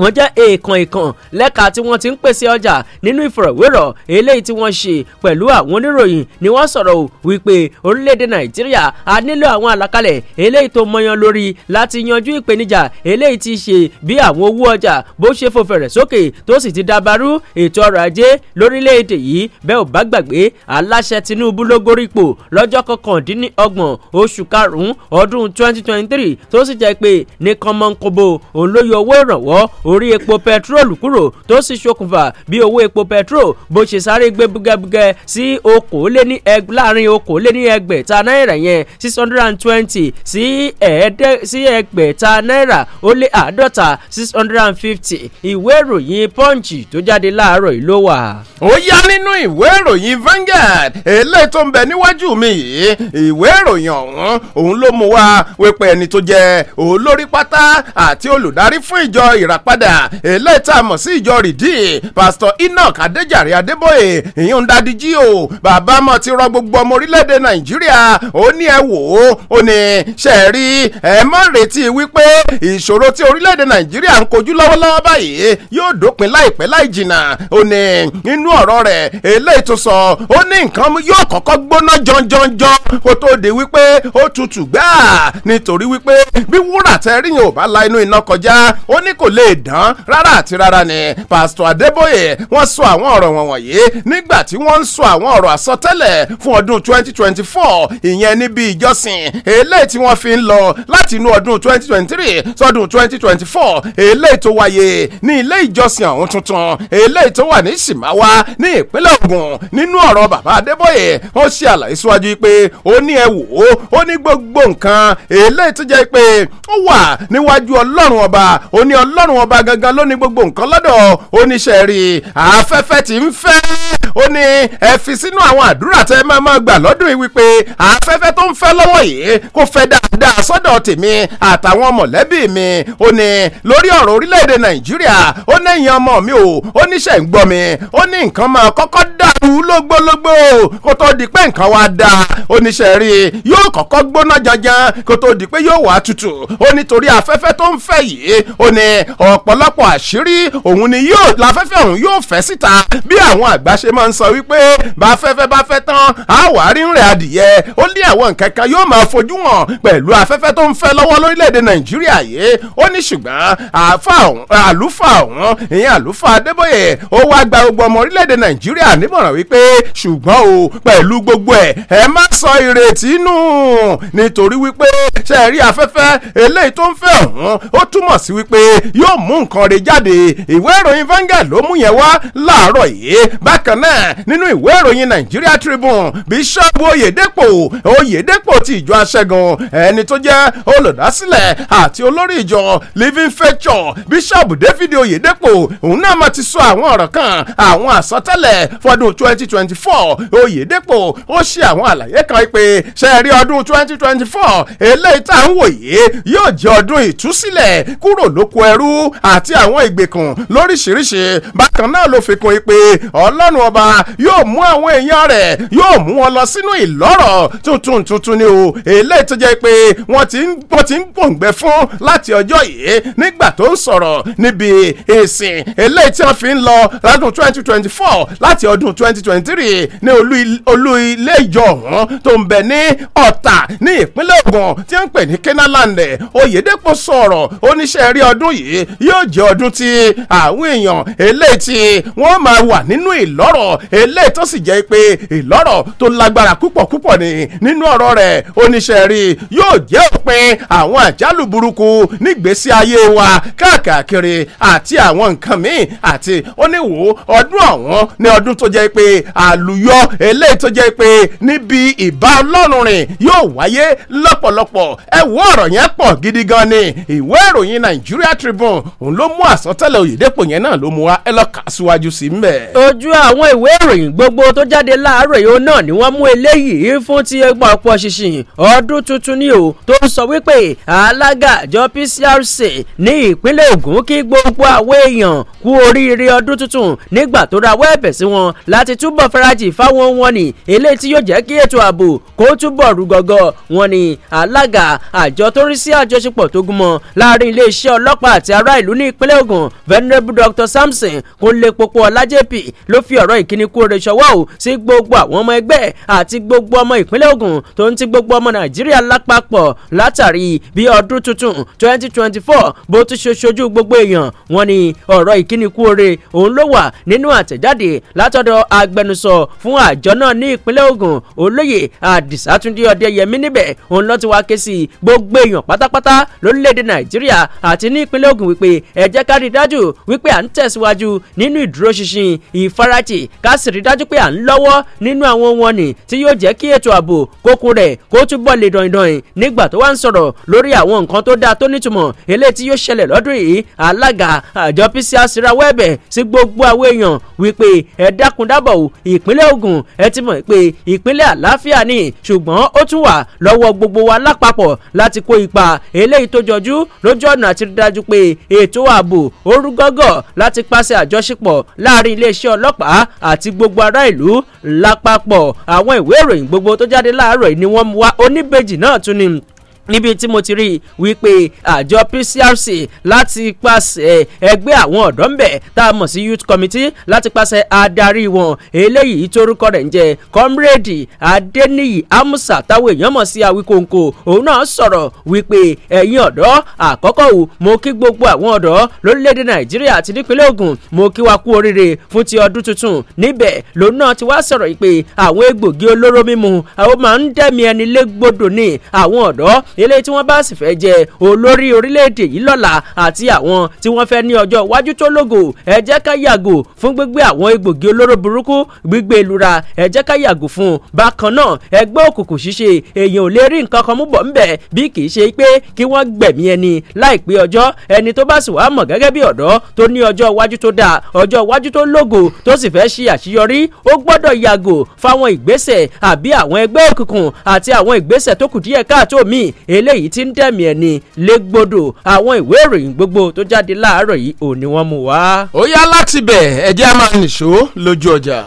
wọ́n jẹ́ èèkàn èèkàn lẹ́ka tí wọ́n ti ń pèsè ọjà nínú ìfọ̀rọ̀wérọ̀ eléyìí tí wọ́n ṣe pẹ̀lú àwọn oníròyìn ni wọ́n sọ̀rọ̀ o wípé orílẹ̀-èdè nàìjíríà a nílò àwọn àlàkalẹ̀ eléyìí tó mọyan lórí láti yanjú ìpèníjà eléyìí ti ṣe bí àwọn owó ọjà bó ṣe fò fẹ̀rẹ̀ sókè tó sì ti dàbàrú ètò ọrọ̀ ajé lórílẹ̀-èdè yìí bẹ́ẹ̀ ò bá gbàgbé aláṣẹ tinubu ló 2023 tó sì jẹ́ pé ní kọ́mọ́ńkóbó òun ló orí epo pẹtrólù kúrò tó sì ṣokùnfà bí owó epo pẹtró bó ṣe sáré gbé búgẹ́búgẹ́ sí okòóléní láàrin okòóléní ẹgbẹ̀ta náírà yẹn six hundred and twenty sí ẹgbẹ̀ta náírà ó lé àádọ́ta six hundred and fifty ìwé ìròyìn punch tó jáde láàárọ̀ yìí ló wà. ó yá nínú ìwé ìròyìn Vanguard eléyìí tó ń bẹ níwájú mi yìí ìwé ìròyìn ọ̀hún òun ló mú wa wípé ẹni tó jẹ olórí pátá àti olùdarí fún ìjọ ìràpadà Father eléta mọ̀ sí ìjọ rìdí Pastor Enoch Adéjàre Adébóyè ìyún dadi jí o bàbá mọ̀ ti rọ gbogbo ọmọ orílẹ̀-èdè Nàìjíríà ó ní ẹ wò ó ó ní ṣe rí ẹ má retí wípé ìṣòro tí orílẹ̀-èdè Nàìjíríà ń kojú lọ́wọ́lọ́wọ́ báyìí yóò dópin láìpẹ́ láì jìnnà ó ní inú ọ̀rọ̀ rẹ̀ eléyìí tó sọ ó ní nǹkan yóò kọ́kọ́ gbóná jọjọjọ kó tó di wípé ó tutù gbáà nítorí wípé bí wúrà tẹ́ríyìn ò bá la inú iná kọjá ó ní kò lè ìdán rárá àti rárá ni pásítọ̀ adébóyè wọ́n sọ àwọn ọ̀rọ̀ wọn wọ̀nyí nígbà tí wọ́n ń sọ àwọn ọ̀rọ̀ àsọtẹ́lẹ̀ fún ọdún twenty twenty four ìyẹn níbi ìjọsìn eléyìí tí wọ́n fi ń lọ láti inú ọdún twenty twenty three sọdún twenty twenty four eléyìí tó wáyé ní ilé ìjọsìn ọ̀hún tuntun eléyìí tó wà ní ṣìmáwá ní ìpínlẹ̀ ògùn nínú ọ̀rọ̀ bàbá adébóyè ó ṣe àlàyé síwájú pé ó ní ẹ wò ó ó ní gbogbo nǹkan eléyìí tó jẹ́ pé ó wà níwájú ọlọ́run ọba ó ní ọlọ́run ọba ọba gangan ló ní gbogbo nǹkan lọ́dọ̀ oníṣẹ́ rí afẹ́fẹ́ tí ń fẹ́ ó ní ẹ fi sínú àwọn àdúrà tẹ máa máa gbà lọ́dún yìí wípé afẹ́fẹ́ tó ń fẹ́ lọ́wọ́ yìí kò fẹ́ dáadáa sọ́dọ̀ tèmi àtàwọn mọ̀lẹ́bí mi ó ní lórí ọ̀rọ̀ orílẹ̀-èdè nàìjíríà ó ní ẹ̀yin ọmọ mi o ó ní ṣẹ̀ ń gbọ́ mi ó ní nǹkan máa kọ́kọ́ dàrú lógbólógbó kó tó di pé nǹkan wá da oníṣẹ́ rí yóò kọ́kọ́ gbóná janjan kó tó di pé yóò wá tutù ó nítorí afẹ́fẹ́ tó ń fẹ́ yìí ó ní ọ̀pọ̀lọpọ̀ àṣírí òun ni yóò láfẹ́fẹ́ òun yóò fẹ́ síta bí àwọn àgbà ṣe m máa ń sọ wípé bá fẹ́fẹ́ bá fẹ́ tán á wà á rí rìn adìyẹ ó ní àwọn nǹkan kan yóò máa fojú hàn pẹ̀lú afẹ́fẹ́ tó ń fẹ́ lọ́wọ́ lórílẹ̀‐èdè nàìjíríà yìí ó ní ṣùgbọ́n àlùfáà ọ̀hún ìyẹn àlùfáà adébóyè ó wá gba gbogbo ọmọ orílẹ̀‐èdè nàìjíríà nímọ̀ràn wípé ṣùgbọ́n o pẹ̀lú gbogbo ẹ̀ ẹ má sọ ìrètí nù nítorí wípé ṣe rí afẹ́fẹ́ eléyìí tó ń fẹ́ ọ̀hún ó túmọ̀ sí wípé yóò mú nǹkan rẹ̀ jáde ìwé ìròyìn Vanguard ló mú yẹn wá láàárọ̀ yìí bákan náà nínú ìwé ìròyìn Nigeria Tribune Bíṣọ́ọ̀bù Oyèdépò Oyèdépò ti ìjọ aṣẹ́gun ẹni tó jẹ́ olùdásílẹ̀ àti olórí ìjọ Living Faith Church Bíṣọ́ọ̀bù David Oyèdépò òun náà máa ti sọ àwọn ọ̀rọ̀ kan àwọn àsọtẹ́lẹ̀ fọdún twenty twenty four Oyèdépò ó ṣe àwọn àlàyé kan pé ṣe rí ọdún twenty twenty four eléyìí tá à ń wòye yóò jẹ́ ọdún ìtúsílẹ̀ kúrò lóko ẹrú àti àwọn ìgbèkùn lóríṣiríṣi bákan náà ló fi kún pé ọlọ́run ọba ọba yóò mú àwọn èèyàn rẹ̀ yóò mú wọn lọ sínú ìlọ́rọ̀ tuntun tuntun ni o eléyìí tó jẹ́ pé wọ́n ti ń wọ́n ti ń pòǹgbẹ fún láti ọjọ́ yìí nígbà tó ń sọ̀rọ̀ níbi ìsìn eléyìí tí wọ́n fi ń lọ lọ́dún twenty twenty four láti ọdún twenty twenty three ní olú ilé ìjọ ọ̀hún tó ń bẹ ní ọ̀tà ní ìpínlẹ̀ Ògùn tí wọ́n ń pè ní kenaland Oyèdèpọ̀ sọ̀rọ̀ oníṣẹ́ rí ọdún yìí yóò jẹ́ ọdún tí àwọn èèyàn eléyìí tí wọ́n máa wà nínú ìlọ́rọ̀ ọ̀rọ̀ eléyìí tó sì jẹ́ pé ìlọ́rọ̀ tó lágbára púpọ̀ púpọ̀ ni nínú ọ̀rọ̀ rẹ̀ oníṣẹ́ rí yóò jẹ́ òpin àwọn àjálù burúkú nígbésí ayé wa káàkiri àti àwọn nǹkan míì àti oníwò ọdún ọ̀wọ́n ní ọdún tó jẹ́ pé àlùyọ eléyìí tó jẹ́ pé níbi ìbá ọlọ́run rìn yóò wáyé lọ́pọ̀lọpọ̀ ẹ wo ọ̀rọ̀ yẹn pọ̀ gidi gan ni ìwé ìròyìn Nigeria Tribune òun ló mú àsọtẹ́lẹ̀ Oyèdèpọ̀ yẹn náà ló mú wa ẹ lọ́ọ́ kà síwájú sí mbẹ̀. ojú àwọn ìwé ìwé ìròyìn gbogbo tó jáde láàárọ̀ yìí náà ni wọ́n mú eléyìí fún ti ẹgbọ́n ọ̀pọ̀ ṣinṣin ọdún tuntun ni o tó ń sọ wípé alága àjọ PCRC ní ìpínlẹ̀ Ògùn kí gbogbo àwọn èèyàn kú oríire ọdún tuntun nígbà tó rawọ́ ẹ̀bẹ̀ sí wọn láti túbọ̀ farajì fáwọn wọn ni eléyìí tí yóò jẹ́ kí ètò ààbò kó túbọ̀ rú gọ́gọ́ wọn ni alága àjọ tó rí sí àjọṣepọ̀ tó gúnmọ́ láàrin iléeṣẹ́ ọlọ́pàá àti ará ìlú ní ìpínlẹ̀ Ògùn venerable Dr Samson kò lè popo ọlájẹ́pì ló fi ọ̀rọ̀ ìk kíní kú oore ṣọwọ́ o sí gbogbo àwọn ọmọ ẹgbẹ́ àti gbogbo ọmọ ìpínlẹ̀ Ògùn tó ń ti gbogbo ọmọ Nàìjíríà lápapọ̀ látàrí bí ọdún tuntun twenty twenty four bó ti ṣe ṣojú gbogbo èèyàn wọn ni ọ̀rọ̀ ìkíní kú oore òun ló wà nínú àtẹ̀jáde látọ̀dọ̀ agbẹnusọ fún àjọ náà ní ìpínlẹ̀ Ògùn olóyè Àdìsá Túndé Ọdẹyẹmí níbẹ̀ òun ló ti wá ké sí gbogbo èèyàn pátápátá lórílẹ̀‐èdè Nàìjíríà àti ní ìpínlẹ̀ Ògùn wípé ẹ ká rí dájú wípé à ń tẹ̀síwájú nínú ìdúróṣinṣin ìfarati ká sì rí dájú pé à ń lọ́wọ́ nínú àwọn ohun ọ̀nì tí yóò jẹ́ kí ètò ààbò kókó rẹ̀ kó túbọ̀ lè dọ̀yìndọ̀yìn nígbà tó wá ń sọ̀rọ̀ lórí àwọn nǹkan tó dáa tó nítumọ̀ eléyìí tí yóò ṣẹlẹ̀ lọ́dún yìí alága àjọ PCRC rawọ́ ẹ̀bẹ̀ sí gbogbo àwọn èèyàn wípé ẹ dákun dábọ̀ o ìpínlẹ̀ Ògùn ẹ ti mọ̀ pé ìpínlẹ̀ àlàáfíà ni ṣùgbọ́n ó tún wà lọ́wọ́ gbogbo wa lápapọ̀ láti kó ipa eléyìí tó jọjú lójú ọ̀nà àti dájú pé ètò ààbò orúgọ́gọ́ láti pàṣẹ àjọṣepọ̀ láàrin iléeṣẹ́ ọlọ́pàá àti gbogbo ará ìlú lápapọ̀ àwọn ìwé ìròyìn gbogbo tó jáde láàárọ̀ yìí ni wọ́n mú wá oníbejì náà tún ni níbi tí mo ti rí i wípé àjọ PCRC láti pàṣẹ ẹgbẹ́ àwọn ọ̀dọ́ ń bẹ̀ tá a mọ̀ sí youth committee láti pàṣẹ adarí wọn eléyìí torúkọ rẹ̀ ń jẹ́ comrade Adeniyi Amusa táwọn èèyàn mọ̀ sí Awikonko òun náà sọ̀rọ̀ wípé ẹ̀yin ọ̀dọ́ àkọ́kọ́ wò mo kí gbogbo àwọn ọ̀dọ́ lórílẹ̀‐èdè Nàìjíríà àti nípínlẹ̀ Ògùn mo kí wa kú oríire fún ti ọdún tuntun níbẹ̀ lòun náà ti wá sọ̀rọ̀ yìí eléyìí tí wọ́n bá sì fẹ́ jẹ olórí orílẹ̀-èdè yìí lọ́la àti àwọn tí wọ́n fẹ́ ní ọjọ́ iwájú tó lógo ẹ jẹ́ ká yàgò fún gbígbé àwọn egbògi olóró burúkú gbígbé ìlura ẹ jẹ́ ká yàgò fún bákan náà ẹgbẹ́ òkùnkùn ṣíṣe èèyàn ò lè rí nǹkan kan mú bọ̀ ńbẹ̀ bí kì í ṣe pé kí wọ́n gbẹ̀mí ẹni láìpẹ́ ọjọ́ ẹni tó bá sì wá mọ̀ gẹ́gẹ́ bí ọ̀dọ́ tó ní ọjọ́ iwájú tó dáa ọjọ́ iwájú tó lógo tó sì fẹ́ ṣe àṣeyọrí ó gbọ́dọ̀ yàgò fáwọn ìgbésẹ̀ àbí àwọn ẹgbẹ́ òkùnkùn àti àwọn ìgbésẹ̀ tó kù díẹ̀ káàtó míì eléyìí tí ń dẹ̀mí ẹni légbodò àwọn ìwé ìròyìn gbogbo tó jáde láàárọ̀ yìí ò ní wọ́n mú wá. ó yá láti bẹ̀ ẹ̀jẹ̀ á máa nìṣó lójú ọjà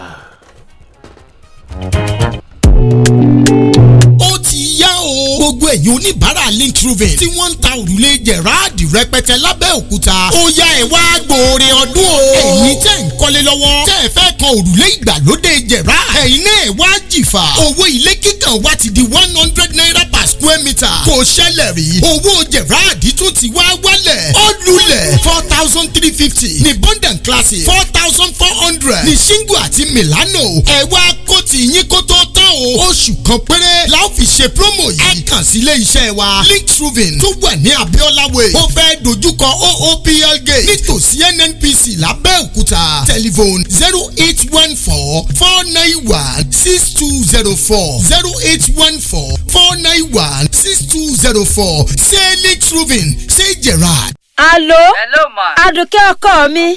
gbogbo èyí oníbàárà link roofing tí wọ́n ń ta òrùlé Gerard rẹpẹtẹ lábẹ́òkúta ó yá ẹ̀ wá gbòòrè ọdún o. ẹ̀yin tẹ́ ń kọ́lé lọ́wọ́ tẹ́ ẹ fẹ́ kan òrùlé ìgbàlódé Gerard ẹ̀yin náà ẹ̀ wá jìfà owó ilé kíkàn wá ti di one hundred naira per square meter kò ṣẹlẹ̀ rí owó Gerard tún ti wá wálẹ̀ ó lulẹ̀ four thousand three fifty ní bonding classes four thousand four hundred ní shingle àti Milano ẹ̀ wá kó ti yín kó tó márùn-ún oṣù kan péré la ó fi ṣe promo yìí. ẹ kàn sí ilé iṣẹ́ wa link truven tó wà ní abiola way ó fẹ́ dojúkọ oopl gate nítòsí nnpc lábẹ́òkúta telephone zero eight one four four nine one six two zero four zero eight one four four nine one six two zero four ṣé link truven ṣé gerard. alo adùnkẹ́ ọkọ mi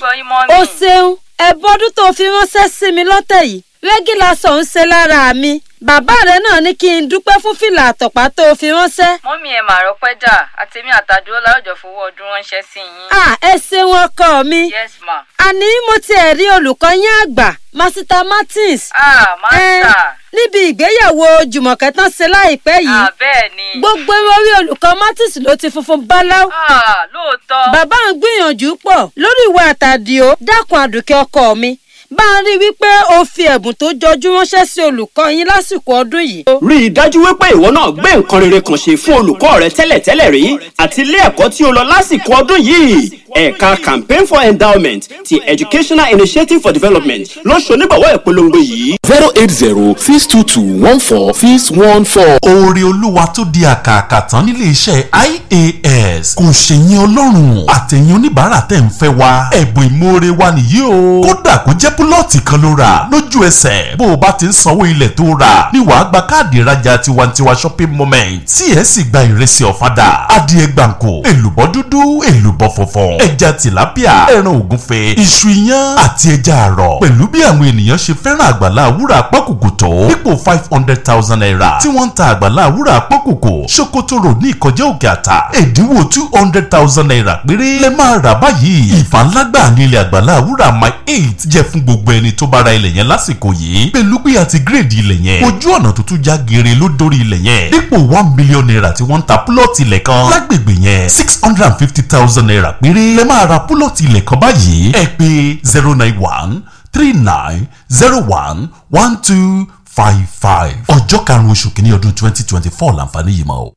o ṣeun ẹ̀bọ́dún tó fi ránṣẹ́ sí mi lọ́tẹ̀ yìí rẹ́gílásọ̀ ń ṣe lára mi bàbá rẹ náà ní kí n dúpẹ́ fún fìlà àtọ̀pá tó o fi ránṣẹ́. mọ́mí ẹ̀ màá rọpẹ́ jà àtẹ̀mí àtàdúró láwùjọ fowó ọdún ránṣẹ́ sí yín. à ẹ ṣe wọn kọ mi. yes ma. àní mo tiẹ̀ rí olùkọ́ yín àgbà masita martins. ah masta. níbi ìgbéyàwó jùmọ̀kẹ́ tán ṣe láìpẹ́ yìí. ah bẹ́ẹ̀ ni. gbogbo orí olùkọ́ martins ló ti funfun báláú. ah lóòótọ́. bàbá ń gbìyànjú pọ̀ lórí ìwà àtàdìo dákun àdùkẹ́ ọkọ mi bá a rí wípé o fi ẹ̀bùn tó jọjú ránṣẹ́ sí olùkọ́ yín lásìkò ọdún yìí. rí i dájú wípé ìwọ náà gbé nǹkan rere kan ṣe fún olùkọ́ rẹ tẹ́lẹ̀tẹ́lẹ̀ rí àti ilé ẹ̀kọ́ tí o lọ lásìkò ọdún yìí ẹ̀ka campaign for endowment ti educational initiative for development ló ṣonígbàwọ́ ìpolongo yìí. zero eight zero six two two one four six one four. oore olúwa tó di àkàkà tán nílé iṣẹ́ ias kò ṣèyìn ọlọ́run àtẹ̀yìn oníbàárà tẹ̀ ń fẹ́ wa ẹ̀bùn ìmoore wa nìyí o kódà kó jẹ́ púlọ̀tì kan ló rà lójú ẹsẹ̀ bó o bá ti ń sanwó ilẹ̀ tó rà ni wàá gba káàdì ìrajà tiwantiwa shopping moment tí ẹ̀ sì gba ìrẹsì ọ̀fadà adìẹ gbàǹkó èlùbọ́ dúdú èlùbọ́ funfun ẹja tìlápìà ẹran ògúnfe iṣu iyán àti ẹja àrọ̀ pẹ̀lú bí àwọn ènìyàn ṣe fẹ́ràn àgbàlá àwúrà pọ́kùkù tó dípò five hundred thousand naira tí wọ́n ń ta àgbàlá àwúrà pọ́kùkù ṣòkòtò rò ní ìkọjá òkè àtà ẹ̀dínwó two hundred thousand naira péré lẹ́ máa rà báyìí ìfànlágbà ní ilẹ̀ àgbàlá àwúrà my eight jẹ́ fún gbogbo ẹni tó bá ra ilẹ̀ yẹn lásìkò yìí pẹ̀lú pé a ti gírèdì ilẹ̀ yẹn ojú ọ̀nà tó já geere ló dórí ilẹ̀ yẹn dípò one million naira tí wọ́n ń ta púlọ̀tì ilẹ̀ kan lágbègbè yẹn six hundred and fifty thousand naira péré lẹ máa ra púlọ̀tì ilẹ̀ kan báyìí ẹ pè zero nine one three nine zero one one two five five ọjọ́ karùn-ún oṣù kìíní ọdún twenty twenty four làǹfààní yìí mọ́ o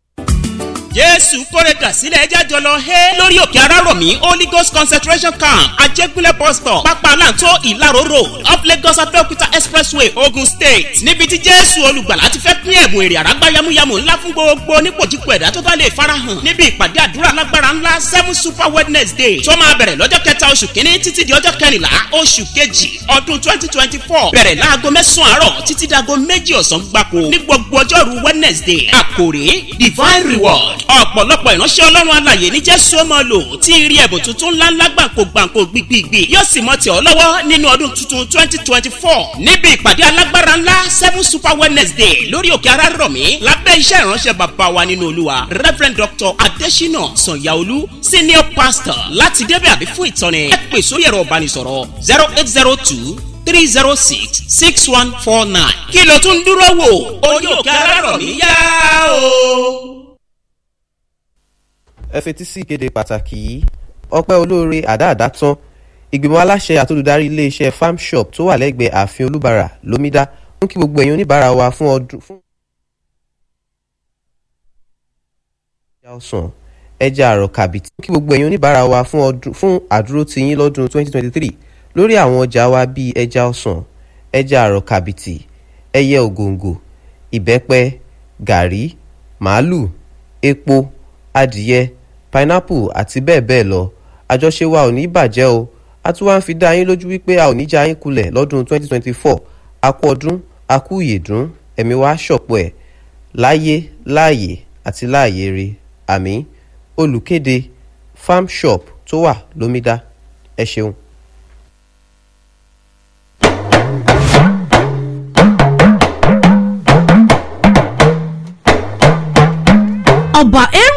jésù kórèdà sílẹ̀ jájọ lọ hẹ́ lórí òkè arárọ̀mí holy ghost concentration camp ajégúnlẹ̀ bus stop pápá aláǹtó ìlàró road off lagos abẹ́òkúta expressway ogun state níbi tí jésù olùgbàlà ti fẹ́ pín ẹ̀bùn èrè àrágbá yamuyamu ńlá fún gbogbo nípòjípò ẹ̀dá tó bá lè farahàn níbi ìpàdé àdúrà lágbára ńlá seven super wednesday tó máa bẹ̀rẹ̀ lọ́jọ́ kẹta oṣù kínní títí di ọjọ́ kẹrìnlá oṣù kejì ọdún twenty twenty four bẹ̀rẹ̀ láago mẹ́sàn-án àárọ̀ títí dago wednesday àkòrí divine reward ọ̀pọ̀lọpọ̀ ìránṣẹ́ ọlọ́run alàyè ní jésù ọmọ lò tí ń rí ẹ̀bùn tuntun ńláńlá gbàǹkó gbàǹkó gbìgbìgbì yóò sì mọ tẹ̀ ọ́ lọ́wọ́ nínú ọdún tuntun twenty twenty four níbi ìpàdé alágbára ńlá seven super wednesday lórí òkè arárọ̀mí lábẹ́ iṣẹ́ ìránṣẹ́ bàbá wa nínú olúwa reverend dr adesina sanyaolu senior pastor láti débẹ̀ àbí fún ìtọ́ni ẹ pè sórí ẹ̀rọ ìbánisọ̀rọ̀ zero eight zero two three zero six six one four nine. kí ló tún dúró wò ó yóò kí ara rọ̀ o ẹ fetí sí ìkéde pàtàkì yìí ọpẹ́ olóore àdáàdá tán ìgbìmọ̀ aláṣẹ àtolùdarí iléeṣẹ́ farm shop tó wà lẹ́gbẹ̀ẹ́ ààfin olúbàrà lómídá ń kí gbogbo ẹ̀yin oníbàárà wa fún ọdún fún. ẹja ọsàn ẹja àrọ̀ kàbìtì ń kí gbogbo ẹ̀yin oníbàárà wa fún àdúró ti yín lọ́dún 2023 lórí àwọn ọjà wa bíi ẹja ọsàn ẹja àrọ̀ kàbìtì ẹyẹ ògòǹgò ìbẹ́pẹ gàrí màálù epo adìyẹ pineapple àti bẹ́ẹ̀ bẹ́ẹ̀ lọ àjọṣe wa ò ní bàjẹ́ o a tún wá ń fi dá yín lójú wípé a ò ní já yín kulẹ̀ lọ́dún 2024 a kú ọdún a kú ìyèdún ẹ̀mí wa ṣọ̀pọ̀ ẹ̀ láyé láàyè àti láàyè rí àmì olùkéde farm shop tó wà lómídá ẹ ṣeun.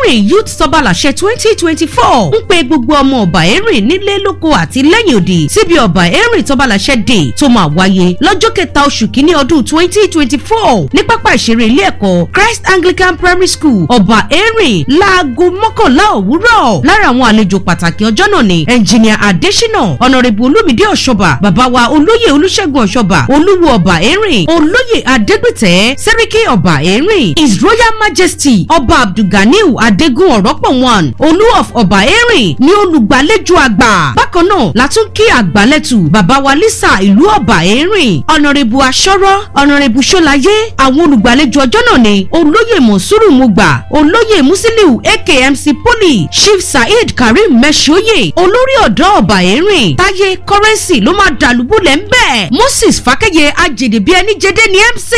Bahrain Youth Summer Àṣẹ twenty twenty four ń pe gbogbo ọmọ Bahrain nílé lóko àti lẹ́yìn òdì síbi Bahrain Summer Àṣẹ Day tó máa wáyé lọ́jọ́ kẹta oṣù kínní ọdún twenty twenty four ní pápá ìṣeré ilé ẹ̀kọ́ Christ Anglican Primary School Bahrain láago mọ́kànlá òwúrọ̀ lára àwọn àlejò pàtàkì ọjọ́ náà ni ẹnjìnìà Adésínà ọ̀nàrẹ́bù Olúmídé Ọ̀ṣọ́bà bàbá wa olóyè Olúṣẹ́gun Ọ̀ṣọ́bà olúwo Bahrain olóyè Adégbìtẹ́ sẹ́ríkì Bahrain His Royal Majesty ọba Abdulganiu Ad adégún ọ̀rọ̀pọ̀wọ̀n olú of ọ̀bà erin ní olùgbàlejò àgbà bákan náà látún kí àgbálẹ̀tù bàbá wa lisa ìlú ọ̀bà erin ọ̀nàrẹ́bù aṣọ́rọ́ ọ̀nàrẹ́bù ṣọ́láyé àwọn olùgbàlejò ọjọ́ náà ni olóyè mọ̀súrù mùgbà olóyè musiliu akmc poli chief saheed karim mẹ́ṣọ́yè olórí ọ̀dọ́ ọ̀bà erin táyé kọ́rẹ́nsì ló máa dàlúbúlẹ̀ ńbẹ̀ moses fàkẹ́yẹ ajèdèbí ẹni jẹ́dẹ́ ní mc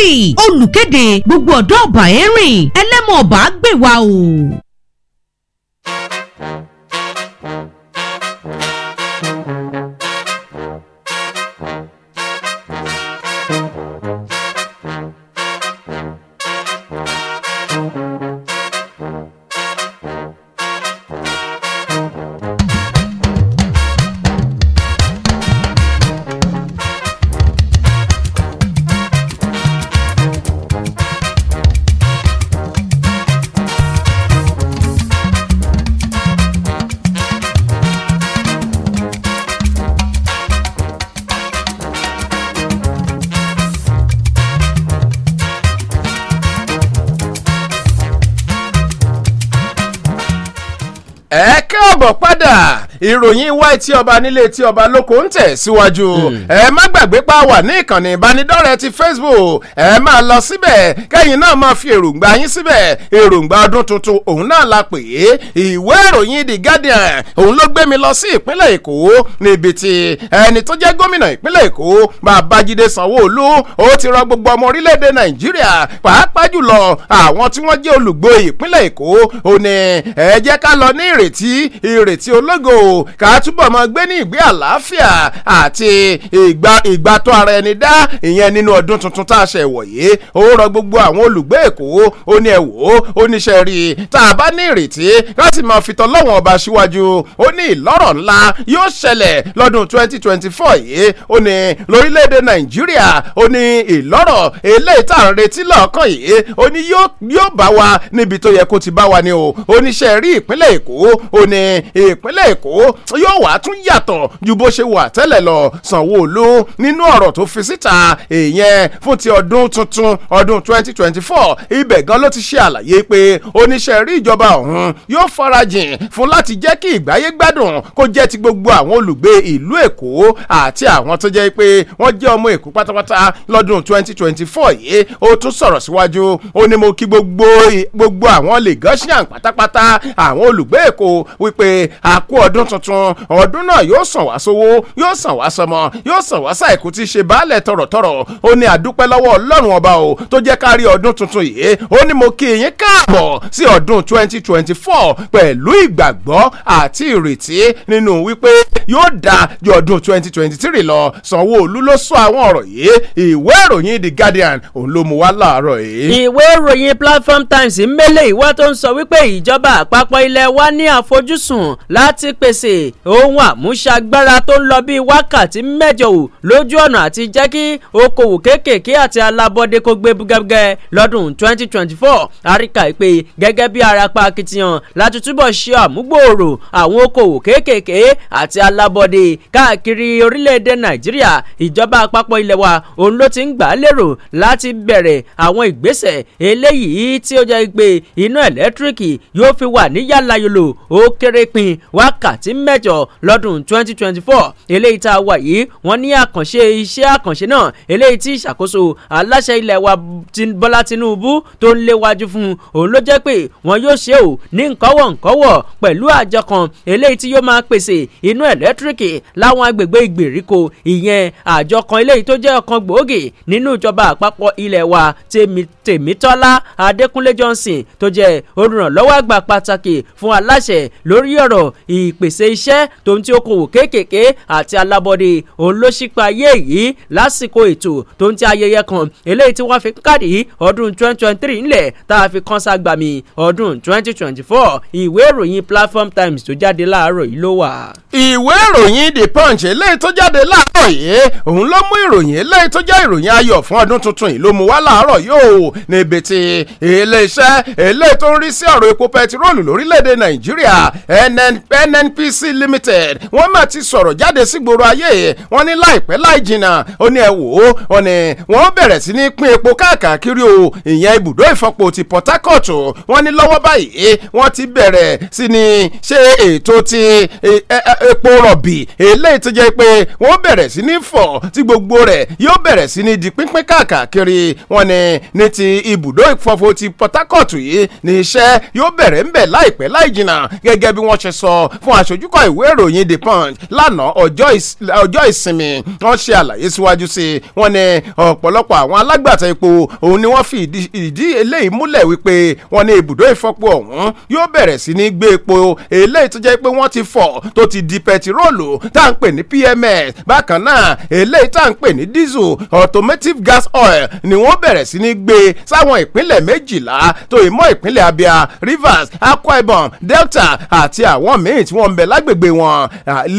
olùkéde gbogbo ọ̀dọ́ ọ̀bà erin ẹlẹ́mọ̀ ọ̀bà gbè wá o. ìròyìn wá etí ọba nílé etí ọba lóko ń tẹ̀ síwájú hmm. ẹ má gbàgbé pa wà ní ìkànnì ìbánidọ́rẹ̀ẹ́ ti Facebook ẹ máa lọ síbẹ̀ kẹ́yìn náà máa fi èròǹgbà yín síbẹ̀ èròǹgbà ọdún tuntun òun náà la pè é ìwé ìròyìn The Guardian òun ló gbé mi lọ sí ìpínlẹ̀ Èkó níbi tí ẹni tó jẹ́ gómìnà ìpínlẹ̀ Èkó Babájídé Sanwó-Olú ó ti rọ gbogbo ọmọ orílẹ̀-èdè Nàìjíríà pàápàá jùlọ àwọn tí wọ́n jẹ́ olùgbò ìpínlẹ̀ Èkó ó ní ẹ jẹ́ ká lọ ní ìrètí ìrètí ológo ká túbọ̀ máa gbé ní ìgbé àlàáfíà àti ìgbàtọ́ ara ẹni dá ìyẹn nínú ọdún tuntun tá a ṣe wọ̀nyí ó rọ gbogbo àwọn olùgbé èkó ó ní ẹ̀wò ó ní sẹ́rí tá a bá ní ìrètí ká sì máa fìtọ́ lọ́wọ́n ọba síwájú ó ní ìlọ́rọ̀ ńlá yóò ṣẹlẹ̀ lọ́dún twenty yìí ó ní lórílẹ̀‐èdè nàìjíríà ó ní ìlọ́rọ̀ eléyìí tá à ń retí lọ́ọ̀kan yìí ó ní yóò bá wa níbi tó yẹ kó ti bá wa ni o ó ní sẹ́rí ìpínlẹ̀ èkó ó ní ìpínlẹ̀ èkó yóò wá tún yàtọ̀ ju bó ṣe wà tẹ́lẹ̀ lọ sanwó-olú nínú ọ̀rọ̀ tó fi síta ìyẹn fún ti ọdún tuntun ọdún 2024 ibẹ̀ gan ló ti ṣe àlàyé pé oníṣẹ́ rí ìjọba ọ̀hún yóò farajìn fún láti jẹ́ kí ìgbáyé gbádùn kó jẹ́ ti gbogbo àwọn olùgbé ìlú èkó àti àwọn tó jẹ́ pé wọ́n jẹ́ ọmọ èkó pátápátá lọ́dún 2024 yìí ó tún sọ̀rọ̀ síwájú ó ní mo kí gbogbo gbogbo àwọn lagosian pátápátá àwọn olùgbé èkó wípé a kú ọdún tuntun ọdún náà yóò sàn wá sówó yóò sàn wá sọmọ yóò sàn wá sáì kò ti ṣe baálẹ̀ tọ̀rọ̀tọ̀rọ̀ ó ní àdúpẹ́ lọ́wọ́ ọlọ́run ọba o tó jẹ́ ká rí ọdún tuntun yìí ó ní mo kí yín káàbọ̀ sí ọdún twenty twenty four pẹ̀lú ìgbàgbọ́ àti ìrètí nínú wípé yóò dáa ju ọdún twenty twenty three lọ sanwó-olu ló sọ àwọn ọ̀rọ̀ yìí ìwé ìròyìn the guardian òun ló mú wá láàárọ̀ yìí. ìwé ìròyìn platform times ń mélé ìwá tó ń sọ wípé ìjọba àpapọ̀ ilẹ̀ wa ní àfojúsùn láti pèsè ohun àmúṣagbára tó ń lọ bíi wákàtí mẹ́jọ ò l lójú ọ̀nà àti jẹ́ kí okòwò kéékèèké àti alábọ́dé kó gbé búgẹ́búgẹ́ lọ́dún 2024 àríkà ìpè gẹ́gẹ́ bí arapa akitiyan láti túbọ̀ ṣe àmúgbòòrò àwọn okòwò kéékèèké àti alábọ́dé káàkiri orílẹ̀-èdè nàìjíríà ìjọba àpapọ̀ ilẹ̀ wa òun ló ti ń gbà á lérò láti bẹ̀rẹ̀ àwọn ìgbésẹ̀ eléyìí tí ó jẹ́ pé iná ẹ̀lẹ́tíríkì yóò fi wà ní yàlàyòlò ó kéré pin wákàtí mẹ́jọ lọ́dún 2024 eléyìí tá a wà yìí wọ́n ní àkàn àkànṣe iṣẹ́ àkànṣe náà eléyìí tí ìṣàkóso aláṣẹ ilẹ̀ wa bọ́lá tinubu tó ń léwájú fún un òun ló jẹ́ pé wọn yóò ṣe ò ní nkọ́wọ̀ nkọ́wọ̀ pẹ̀lú àjọ kan eléyìí tí yóò máa pèsè inú ẹ̀lẹ́tíríkì láwọn agbègbè ìgbèríko ìyẹn àjọ kan eléyìí tó jẹ́ ọ̀kan gbòógì nínú ìjọba àpapọ̀ ilẹ̀ wa tèmítọ́lá adékúnlé johnson tó jẹ́ olùrànlọ́wọ́ àgbà pàtàkì fún aláṣẹ lórí ọ̀rọ̀ ìpèsè iṣẹ́ tòun tí okòwò kéékèèké àti alábọ́dé òun ló ṣípa ayé yìí lásìkò ètò tó ń ti ayẹyẹ kan eléyìí tí wọ́n fi káàdì ọdún 2023 ńlẹ̀ tá a fi kan ságbàmì ọdún 2024 ìwé ìròyìn platform times tó jáde láàárọ̀ yìí ló wà. ìwé ìròyìn the punch eléyìí tó jáde láàárọ̀ yìí òun ló mú ìròyìn eléyìí tó jẹ́ ìròyìn ayọ̀ fún ọdún tuntun yìí ló mú wá láàárọ̀ yóò níbi tí iléeṣẹ́ eléyìí tó ń rí sí ọ̀rọ̀ epo pẹtiróòlù lórílẹ̀‐èdè nàìjíríà nnpc limited wọ́n máa ti sọ̀rọ̀ jáde sígboro ayé wọ́n ní láìpẹ́ láì jìnnà ó ní ẹ wò ó ó ní wọ́n bẹ̀rẹ̀ sí epo káàkiri o ìyẹn ibùdó ìfọpo ti Port Harcourt wọ́n ní lọ́wọ́ báyìí wọ́n ti bẹ̀rẹ̀ sí ní ṣe ètò ti epo rọ̀bì eléyìí ti jẹ́ pé wọ́n bẹ̀rẹ̀ sí ní fọ̀ tí gbogbo rẹ̀ yóò bẹ̀rẹ̀ sí ní di pínpín káàkiri wọ́n ní ní ti ibùdó ìfọpo ti Port Harcourt yìí ní iṣẹ́ yóò bẹ̀rẹ̀ ń bẹ̀ láìpẹ́ láì jìnnà gẹ́gẹ́ bí wọ́n ṣe sọ fún aṣojúkọ The Punch lánàá ọjọ́ ìsinmi wọ́n ṣe àlàyé síwájú sí i wọ́n ní ọ̀pọ̀lọpọ̀ àwọn alágbàtà epo òun ni wọ́n fi ìdí eléyìí múlẹ̀ wípé wọ́n ní ibùdó ìfọpo ọ̀hún yóò bẹ̀rẹ̀ sí ní gbé epo eléyìí tó jẹ́ pé wọ́n ti fọ̀ tó ti di pẹtiróòlù tá à ń pè ní PMS bákan náà eléyìí tá à ń pè ní diesel automotive gas oil ni wọ́n bẹ̀rẹ̀ sí ní gbé sáwọn ìpínlẹ̀ méjìlá tó ìmọ̀ ìpínlẹ̀ Abia Rivers Akwa Ibom Delta àti àwọn míì tí wọ́n ń bẹ lágbègbè wọn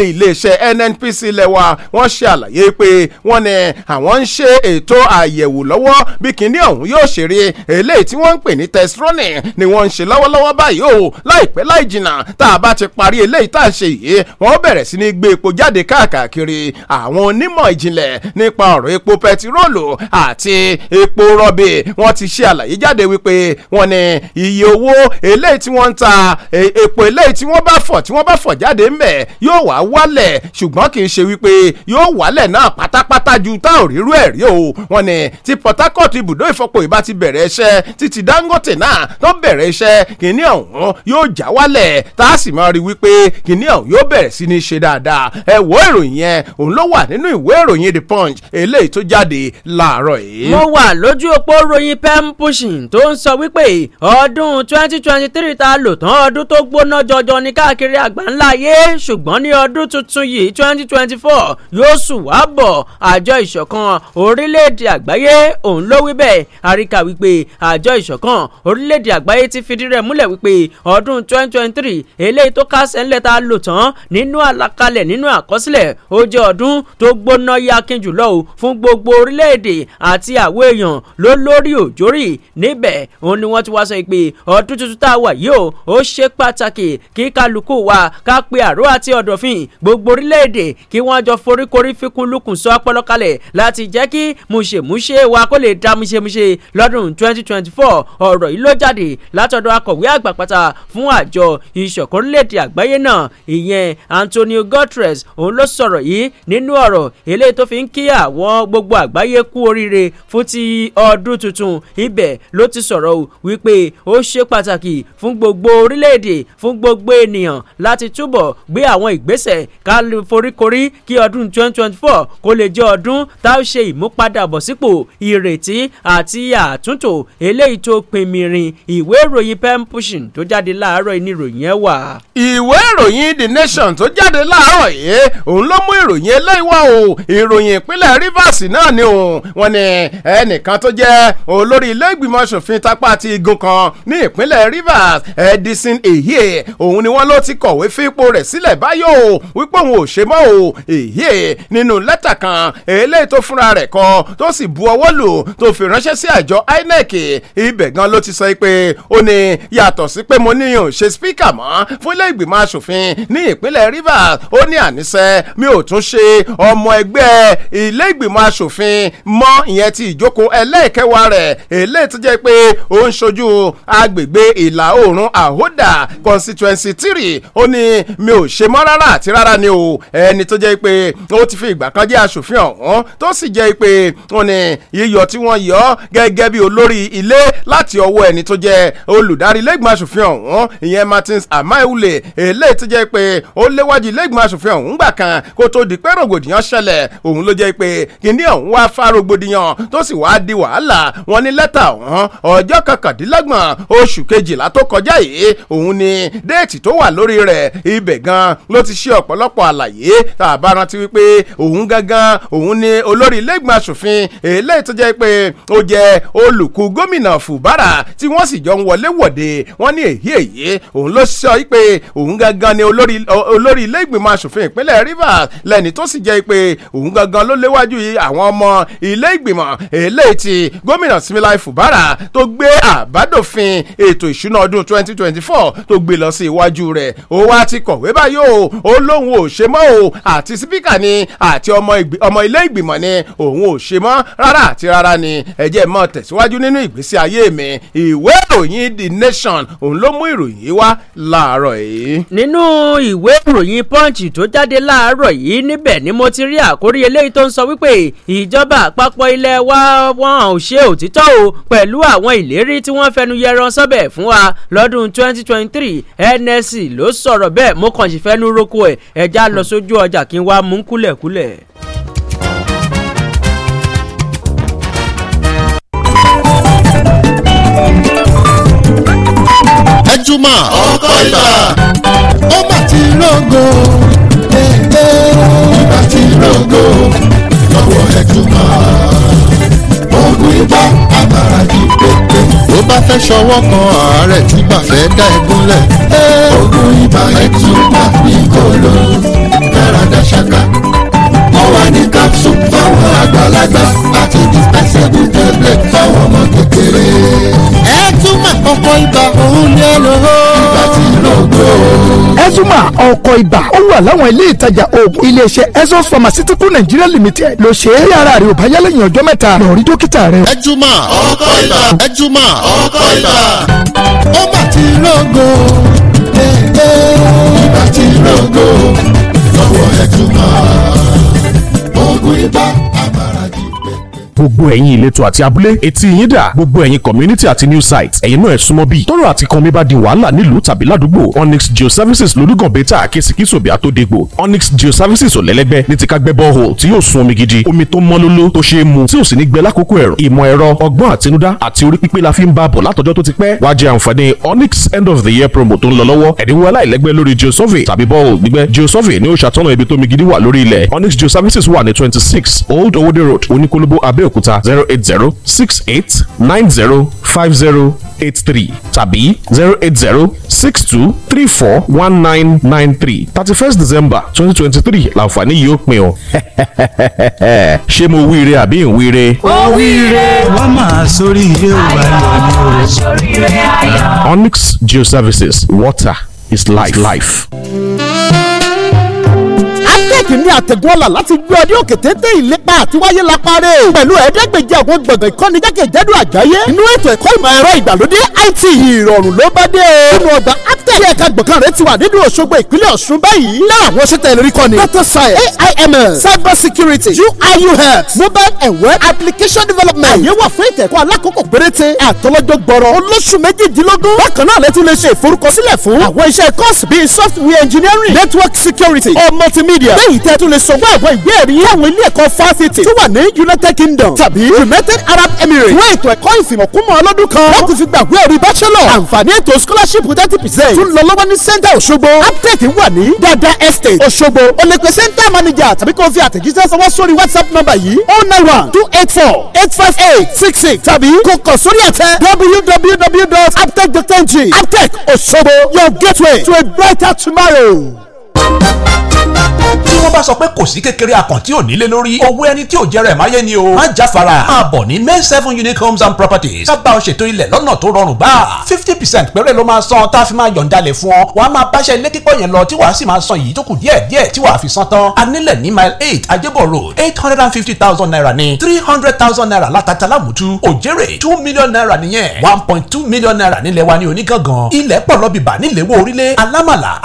ilé iṣẹ́ NNPC lẹ́wà wọ́n ṣe àlàyé torí pé wọ́n ní àwọn ń ṣe ètò àyẹ̀wò lọ́wọ́ bí kinní ọ̀hún yóò ṣe rí eléyìí tí wọ́n ń pè ní test running ni wọ́n ń ṣe lọ́wọ́lọ́wọ́ báyìí o láìpẹ́ láì jìnnà tá a bá ti parí eléyìí tá a ṣe yìí wọ́n bẹ̀rẹ̀ sí ní gbé epo jáde káàkiri àwọn onímọ̀ ìjìnlẹ̀ nípa ọ̀rọ̀ epo pẹtiróòlù àti epo rọ̀bì wọ́n ti ṣe àlàyé jáde wípé wọ́n ní iye owó eléyìí tí wọ́n ń ta e, epo eléyìí tí wọ́n bá fọ̀ tí wọ́n bá fọ̀ jáde ńbẹ̀ yóò wá wálẹ̀ ṣùgbọ́n náà pátápátá ju tá ò rírú ẹ̀ rí o wọ́n ní ti Port Harcourt ibùdó ìfọpo ìbá ti bẹ̀rẹ̀ iṣẹ́ títí Dangote náà tó bẹ̀rẹ̀ iṣẹ́ kìíní ọ̀hún yóò já wálẹ̀ tá a sì máa rí wípé kìíní ọ̀hún yóò bẹ̀rẹ̀ sí ní ṣe dáadáa ẹ wo ìròyìn yẹn òun ló wà nínú ìwé ìròyìn The Punch eléyìí tó jáde láàárọ̀ yìí. mo wà lójú òpó ròyìn pen pushing tó ń sọ wípé ọdún twenty twenty three ta lò tán ọdún tó gbóná jọjọ ní káàkiri àgbáńlá ayé ṣùgbọ́n ní ọdún tuntun yìí twenty twenty four yóò sùn wá ààbọ̀ àjọ ìṣọ̀kan orílẹ̀-èdè àgbáyé òun ló wí bẹ́ẹ̀ àríkà wípé àjọ ìṣọ̀kan orílẹ̀-èdè àgbáyé ti fìdí rẹ̀ múlẹ̀ wípé ọdún 2023 eléyìí tó kásẹ̀ ńlẹ̀ ta lò tán nínú àlàkalẹ̀ nínú àkọsílẹ̀ ó jẹ́ ọdún tó gbóná yakin jùlọ o fún gbogbo orílẹ̀-èdè àti àwọn èèyàn ló lórí òjórì níbẹ̀ òun ni wọ́n ti wá sọ pé ọdún tuntun tá a wà yìí o ó ṣe pàtàkì kí kálukú wa ká pe àrò àti ọ̀dọ̀fin gbogbo orílẹ̀-èdè kí wọ́n jọ foríkorí fikún múlùkùn sọ ọpọlọ kalẹ̀ láti jẹ́ kí múṣemúṣe wa kó lè dá múṣemúṣe lọ́dún 2024 ọ̀rọ̀ yìí ló jáde látọ̀dọ̀ akọ̀wé àgbà pátá fún àjọ ìṣọ̀kan orílẹ̀ àgbáyé náà ìyẹn Antonio Guterres òun ló sọ̀rọ̀ yìí nínú ọ̀rọ̀ eléyìí tó fi ń kí àwọn gbogbo àgbáyé kú oríire fún ti ọdún tuntun ibẹ̀ ló ti sọ̀rọ̀ o wípé ó ṣe pàtàkì fún gbogbo orílẹ̀ fún gbogbo ènìyàn láti túbọ̀ gbé àwọn ìgbésẹ̀ ká kí ọdún 2024 bọ̀ kó lè jẹ́ ọdún tá a ṣe ìmúpadàbọ̀sípò ìrètí àti àtúntò eléyìí tó pinmirin ìwé ìròyìn pen tó jáde láàárọ̀ ní ìròyìn ẹ̀ wà. ìwé ìròyìn the nation tó jáde láàárọ̀ yìí òun ló mú ìròyìn eléyìí o ìròyìn ìpínlẹ̀ rivers náà ni òun wọn ni ẹnìkan tó jẹ́ olórí ilé ìgbìmọ̀ asòfin tapá ti igun kan ní ìpínlẹ̀ rivers edison ehie òun ni wọ́n ló ti kọ̀wé fipò rẹ̀ sílẹ̀ báyò wípé òun ò ṣe mọ́ o ehie nínú lẹ́tà kan eléyìí tó fúnra rẹ̀ kọ tó sì bu ọwọ́ lù tó fi ránṣẹ́ sí àjọ INEC ibẹ̀ gan ló ti sọ pé ó ní yàtọ̀ sí pé mo níyàn ṣe spíkà mọ́ fún ilé ìgbìmọ̀ asòfin ní ìpínlẹ̀ Rivers ó ní àníṣe mi ò tún ṣe ọmọ ẹgbẹ́ ilé ìgbìmọ̀ asòfin mọ́ ìyẹn ti ìjókòó ẹlẹ́ẹ̀kẹwàá rẹ̀ eléyìí tó jẹ́ pé ó ń ṣojú agbègbè ìlà oòrùn àhódà constituency three ó ní mi ò ṣe mọ́ rárá àti rárá ni o ẹni tó jẹ́ pé ó ti fi ìgbà kan jẹ́ aṣòfin ọ̀hún tó sì jẹ́ pé wọ́n ní yíyọ tí wọ́n yọ gẹ́gẹ́ bí olórí ilé láti ọwọ́ ẹni tó jẹ́ olùdarí lẹ́gbọ̀n aṣòfin ọ̀hún ìyẹn Martins Amaewule eléyìí tó jẹ́ pé ó léwájú lẹ́gbọ̀n aṣòfin ọ̀hún gbà kan kó tó di pé rògbòdìyàn ṣẹlẹ̀ òun ló jẹ́ pé kíní ọ̀hún wá fa rògbòdìyàn tó sì wá di wàhálà wọn ní lẹ́tà ọ̀hún ọjọ́ kọkàndínlọ́gbọ̀n oṣù kejìlá tó kọjá yìí òun ni déètì tó wà lórí rẹ̀ ibẹ̀ gan ló ti ṣe ọ̀pọ̀lọpọ̀ àlàyé tá a rántí wípé òun òun gangan òun ni olórí ilégbìmọ̀ asòfin eléyìí tó jẹ́ pé ó jẹ́ olùkú gómìnà Fubara tí wọ́n sì jọ ń wọlé wọ̀de wọ́n ní èyí èyí òun ló sọ pé òun gangan ni olórí ilégbìmọ̀ asòfin ìpínlẹ̀ Rivers lẹ́ni tó sì jẹ́ pé òun gangan ló léwájú àwọn ọmọ ilégbìmọ̀ eléyìí ti gómìnà Similai Fubara tó gbé àbádòfin ètò ìsúná ọdún 2024 tó gbé lọ sí iwájú rẹ̀ ó wá ti kọ̀wé báyò ó lóun ò ṣe mọ́ o àti sípíkà ni àti ọmọ ilé ìgbìmọ̀ ni òun ò ṣe mọ́ rárá àti rárá ni ẹ jẹ́ mọ́ tẹ̀síwájú nínú ìgbésí ayé mi ìwé ìròyìn The Nation òun ló mú ìròyìn yìí wá láàárọ̀ yìí. nínú ìwé ìròyìn Punch tó jáde láàárọ̀ yìí níbẹ̀ ni mo ti rí àkórí eléyìí tó ń sọ wípé ìjọba àpapọ̀ ilẹ̀ wa wọn ò ṣe òtítọ́ o pẹ̀lú àwọn ìlérí tí wọ́n fẹnu yẹran sọ́bẹ̀ fún wa lọ́dún 2023 NSC ló sọ̀rọ̀ bẹ́ẹ̀ mo kàn sì fẹnu roko ẹ̀ ẹ̀já lọ sójú ọjà kí n wá mú kúlẹ̀kúlẹ̀ ẹjúmọ́ ọkọ ìbà ó bá ti rògo ẹgbẹ́ ìbá ti rògo lọ́wọ́ ẹjúmọ́ ogun ibà àbàrà yìí pépé. ó bá fẹ́ ṣọwọ́ kan àárẹ̀ tí bá fẹ́ dá ẹ gúnlẹ̀. ogun ibà ẹjúmọ́ ní dáradá ṣáká ní capsule fáwọn àgbàlagbà àti dispensable tablet fáwọn ọmọ kékeré. ẹ túmọ̀ ọkọ̀ ibà òun lé lọ́wọ́. ibà tí lóògbé o ezuma ọkọ̀ ibà ó wà láwọn ilé ìtajà oògùn iléeṣẹ́ ezos pharmaceutical nigeria limited ló ṣe é yàrá rẹ ò bá yá lẹ́yìn ọjọ́ mẹ́ta lọ rí dókítà rẹ. ezuma ọkọ̀ ibà ezuma ọkọ̀ ibà. ó bá ti rògo ibà ti rògo lọ́wọ́ ezuma. We're back. gbogbo ẹ̀yin ìletò àti abúlé etí yín dà gbogbo ẹ̀yin community àti new site ẹ̀yin náà ẹ̀ súnmọ́ bí tọ́rọ̀ àti kan mi bá di wàhálà nílùú tàbí ládùúgbò Onyx Geoservices lolúgàn bẹ́tà kesikisobi àtòdegbò Onyx Geoservices ò lẹ́lẹ́gbẹ́ ní ti ká gbẹ́ borehole tí yóò sun omi gidi omi tó mọ́ lóló tó ṣe é mu tí ò sì ní gbẹ lákòókò ẹ̀rọ ìmọ̀ ẹ̀rọ ọgbọ́n àtinúdá àti orí pípé la fi ń bá bọ̀ látọjọ́ tó ti pẹ́ wá àǹfààní Onyx end of the year promo tó ń lọ lọ́wọ́ ẹ̀dínwó aláìlẹ́gbẹ́ lórí geosurvey tàbí borehole gbígbẹ́ geosurvey ni ó ṣàtọ́nà ibi tómi gidi wà lórí ilẹ̀ Onyx Geoservices wà ní twenty six Old Owode Road oníkólóbó abẹ́ Abẹ́òkúta zero eight zero six eight nine zero five zero eight three tàbí zero eight zero six two three four one nine nine three thirty first December twenty twenty three làǹfààní yìí ó pin o. (laughs) ṣé mo wíire àbí ìwíire. ó wíire. wọ́n máa sórí ilé òwò ayọ̀ ni o. Onyx Geoservices water is life. life kéèkì ní àtẹ̀gùn ọ̀la láti gbé ọdún òkè téńté ìlépa àti wáyé la parẹ́ pẹ̀lú ẹ̀ẹ́dẹ́gbẹ̀jẹ̀ àwọn gbọ̀ngàn ìkọ́ni jákèjádò àgbáyé inú ètò ẹ̀kọ́ ìmọ̀ ẹ̀rọ ìgbàlódé IT ìrọ̀rùn ló bá dé inú ọgbà aptec ẹ̀ka gbọ̀ngàn rẹ̀ ti wà nínú Òṣogbo ìpínlẹ̀ Ọ̀ṣun báyìí. lára àwọn ṣẹ́tẹ̀ ìlérí kọ́ data science AIML cyber security UIUX mobile and web application development. àyè wà fún lẹ́yìn tẹ́ tún lè sọ̀gbọ́n àwọn ìwé ẹ̀rí fáwọn ilé ẹ̀kọ́ fásitì tó wà ní united kingdom tàbí united arab emirates fún ètò ẹ̀kọ́ ìsìnkúmọ̀ ọlọ́dún kan láti fi gbàgbé ẹ̀rí bachelor àǹfààní ètò scholarship thirty percent tún lọ lọ́wọ́ ní center òṣogbo aptec wà ní dada estate òṣogbo o center manager tàbí kó o fi àtẹ̀jíṣẹ́ sọwọ́ sórí whatsapp number yìí oh nine one two eight four eight five eight six six tàbí kò kàn sórí àtẹ www.aptec.ng aptec òṣogbo your gateway to a brighter tomorrow tí wọ́n bá sọ pé kò sí kékeré akàn tí ò nílé lórí owó ẹni tí ò jẹrẹ máyé ni o má jáfara máa ní main seven unique homes and properties ká bá ọ ṣètò ilẹ̀ lọ́nà tó rọrùn gbà fifty percent péré ló máa san tá a fi máa yọ̀ǹda lẹ̀ fún ọ wàá máa báṣẹ́ ilé kíkọ́ yẹn lọ tí wàá sì máa san yìí tó kù díẹ̀ díẹ̀ tí wàá fi san tán anílẹ̀ ní mile eight ajébọ̀ road eight hundred and fifty thousand naira ní three hundred thousand naira látàtà lámùtú òjèrè two million naira one point two million naira nílẹ̀ wa ní onígangan ilẹ̀ pọ̀ lọ́bìbà nílẹ̀ wo orílẹ̀ alámàlà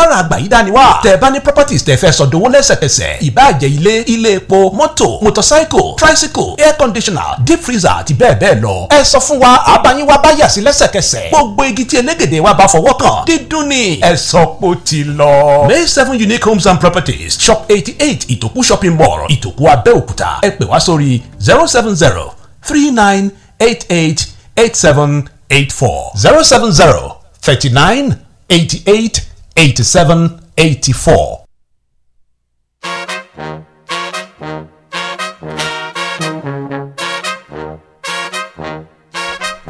alára àgbà yìí dání wá. tẹ́ bá ní properties tẹ́ fẹ́ sọdowó lẹ́sẹ̀kẹsẹ̀ ìbáàjẹ́ ilé ilé epo moto motorcycle tricycle air conditioner deep freezer àti bẹ́ẹ̀ bẹ́ẹ̀ lọ. ẹ sọ fún wa àbáyín wa bá yà sí lẹ́sẹ̀kẹsẹ̀ gbogbo igi tí elégèdè wa bá fọwọ́ kàn dídùn ni. ẹ sọ pé ti lọ. May seven unique homes and properties shop eighty eight ìtòkú shopping mall ìtòkú abẹ́òkúta ẹ pè wá sórí zero seven zero three nine eight eight eight seven eight four zero seven zero thirty nine eighty eight. 8784.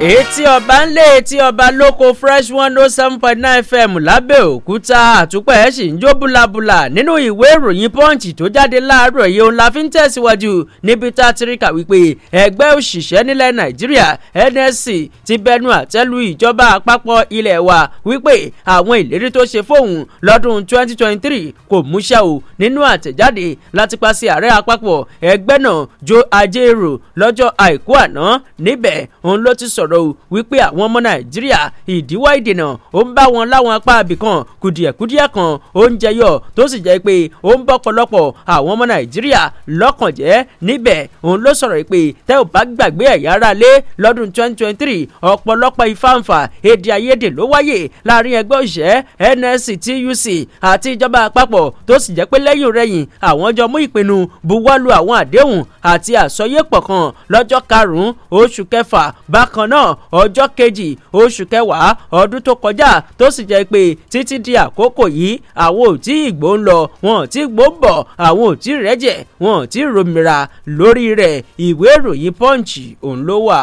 etí ọba ń lé etí ọba lóko fresh one oh seven point nine fm lábẹ́òkúta àtúpọ̀ ẹ̀ sì ń jó búlabúla nínú ìwé ìròyìn punch tó jáde láàárọ̀ yìí òun la fi ń tẹ̀síwájú níbi tá a ti rí kà wípé ẹgbẹ́ òṣìṣẹ́ nílẹ̀ nàìjíríà nsc ti bẹnu àtẹ́lu ìjọba àpapọ̀ ilé wa wípé àwọn ìlérí tó ṣe fóun lọ́dún twenty twenty three kò múṣẹ o nínú àtẹ̀jáde láti paṣẹ ààrẹ àpapọ̀ ẹgbẹ́ náà jo ajero lọ́jọ́ àìkú àná níbẹ̀ òun ló sọ̀rọ̀ o wípé àwọn ọmọ nàìjíríà ìdíwọ́ ìdènà ó ń bá wọn láwọn apá abìkan kùdìẹ̀kùdìẹ̀ kan ó ń jẹyọ tó sì jẹ́ pé ó ń bọ́pọ̀lọpọ̀ àwọn ọmọ nàìjíríà lọ́kàn jẹ́ níbẹ̀ òun ló sọ̀rọ̀ pé tẹ́ ò bá gbàgbé ẹ̀yà ara lé lọ́dún 2023 ọ̀pọ̀lọpọ̀ ìfáǹfà èdè àìyedè ló wáyé láàrin ẹgbẹ́ òṣẹ́ NSC TUC àti ìjọba àpapọ̀ tó sì jẹ́ pé lẹ́yìn rẹ̀yìn àwọn jọ mú ìpinnu buwọ́lu àwọn àdéhùn àti àsọyépọ̀ kan lọ́jọ́ karùn-ún oṣù kẹfà bákan náà náà ọjọ́ kejì oṣù kẹwàá ọdún tó kọjá tó sì jẹ́ pé títí di àkókò yìí àwọn ò tí ìgbó ń lọ wọn ò tí ìgbó ń bọ̀ àwọn ò tí rẹ́jẹ̀ wọn ò tí romira lórí rẹ̀ ìwé ìròyìn punch òun ló wà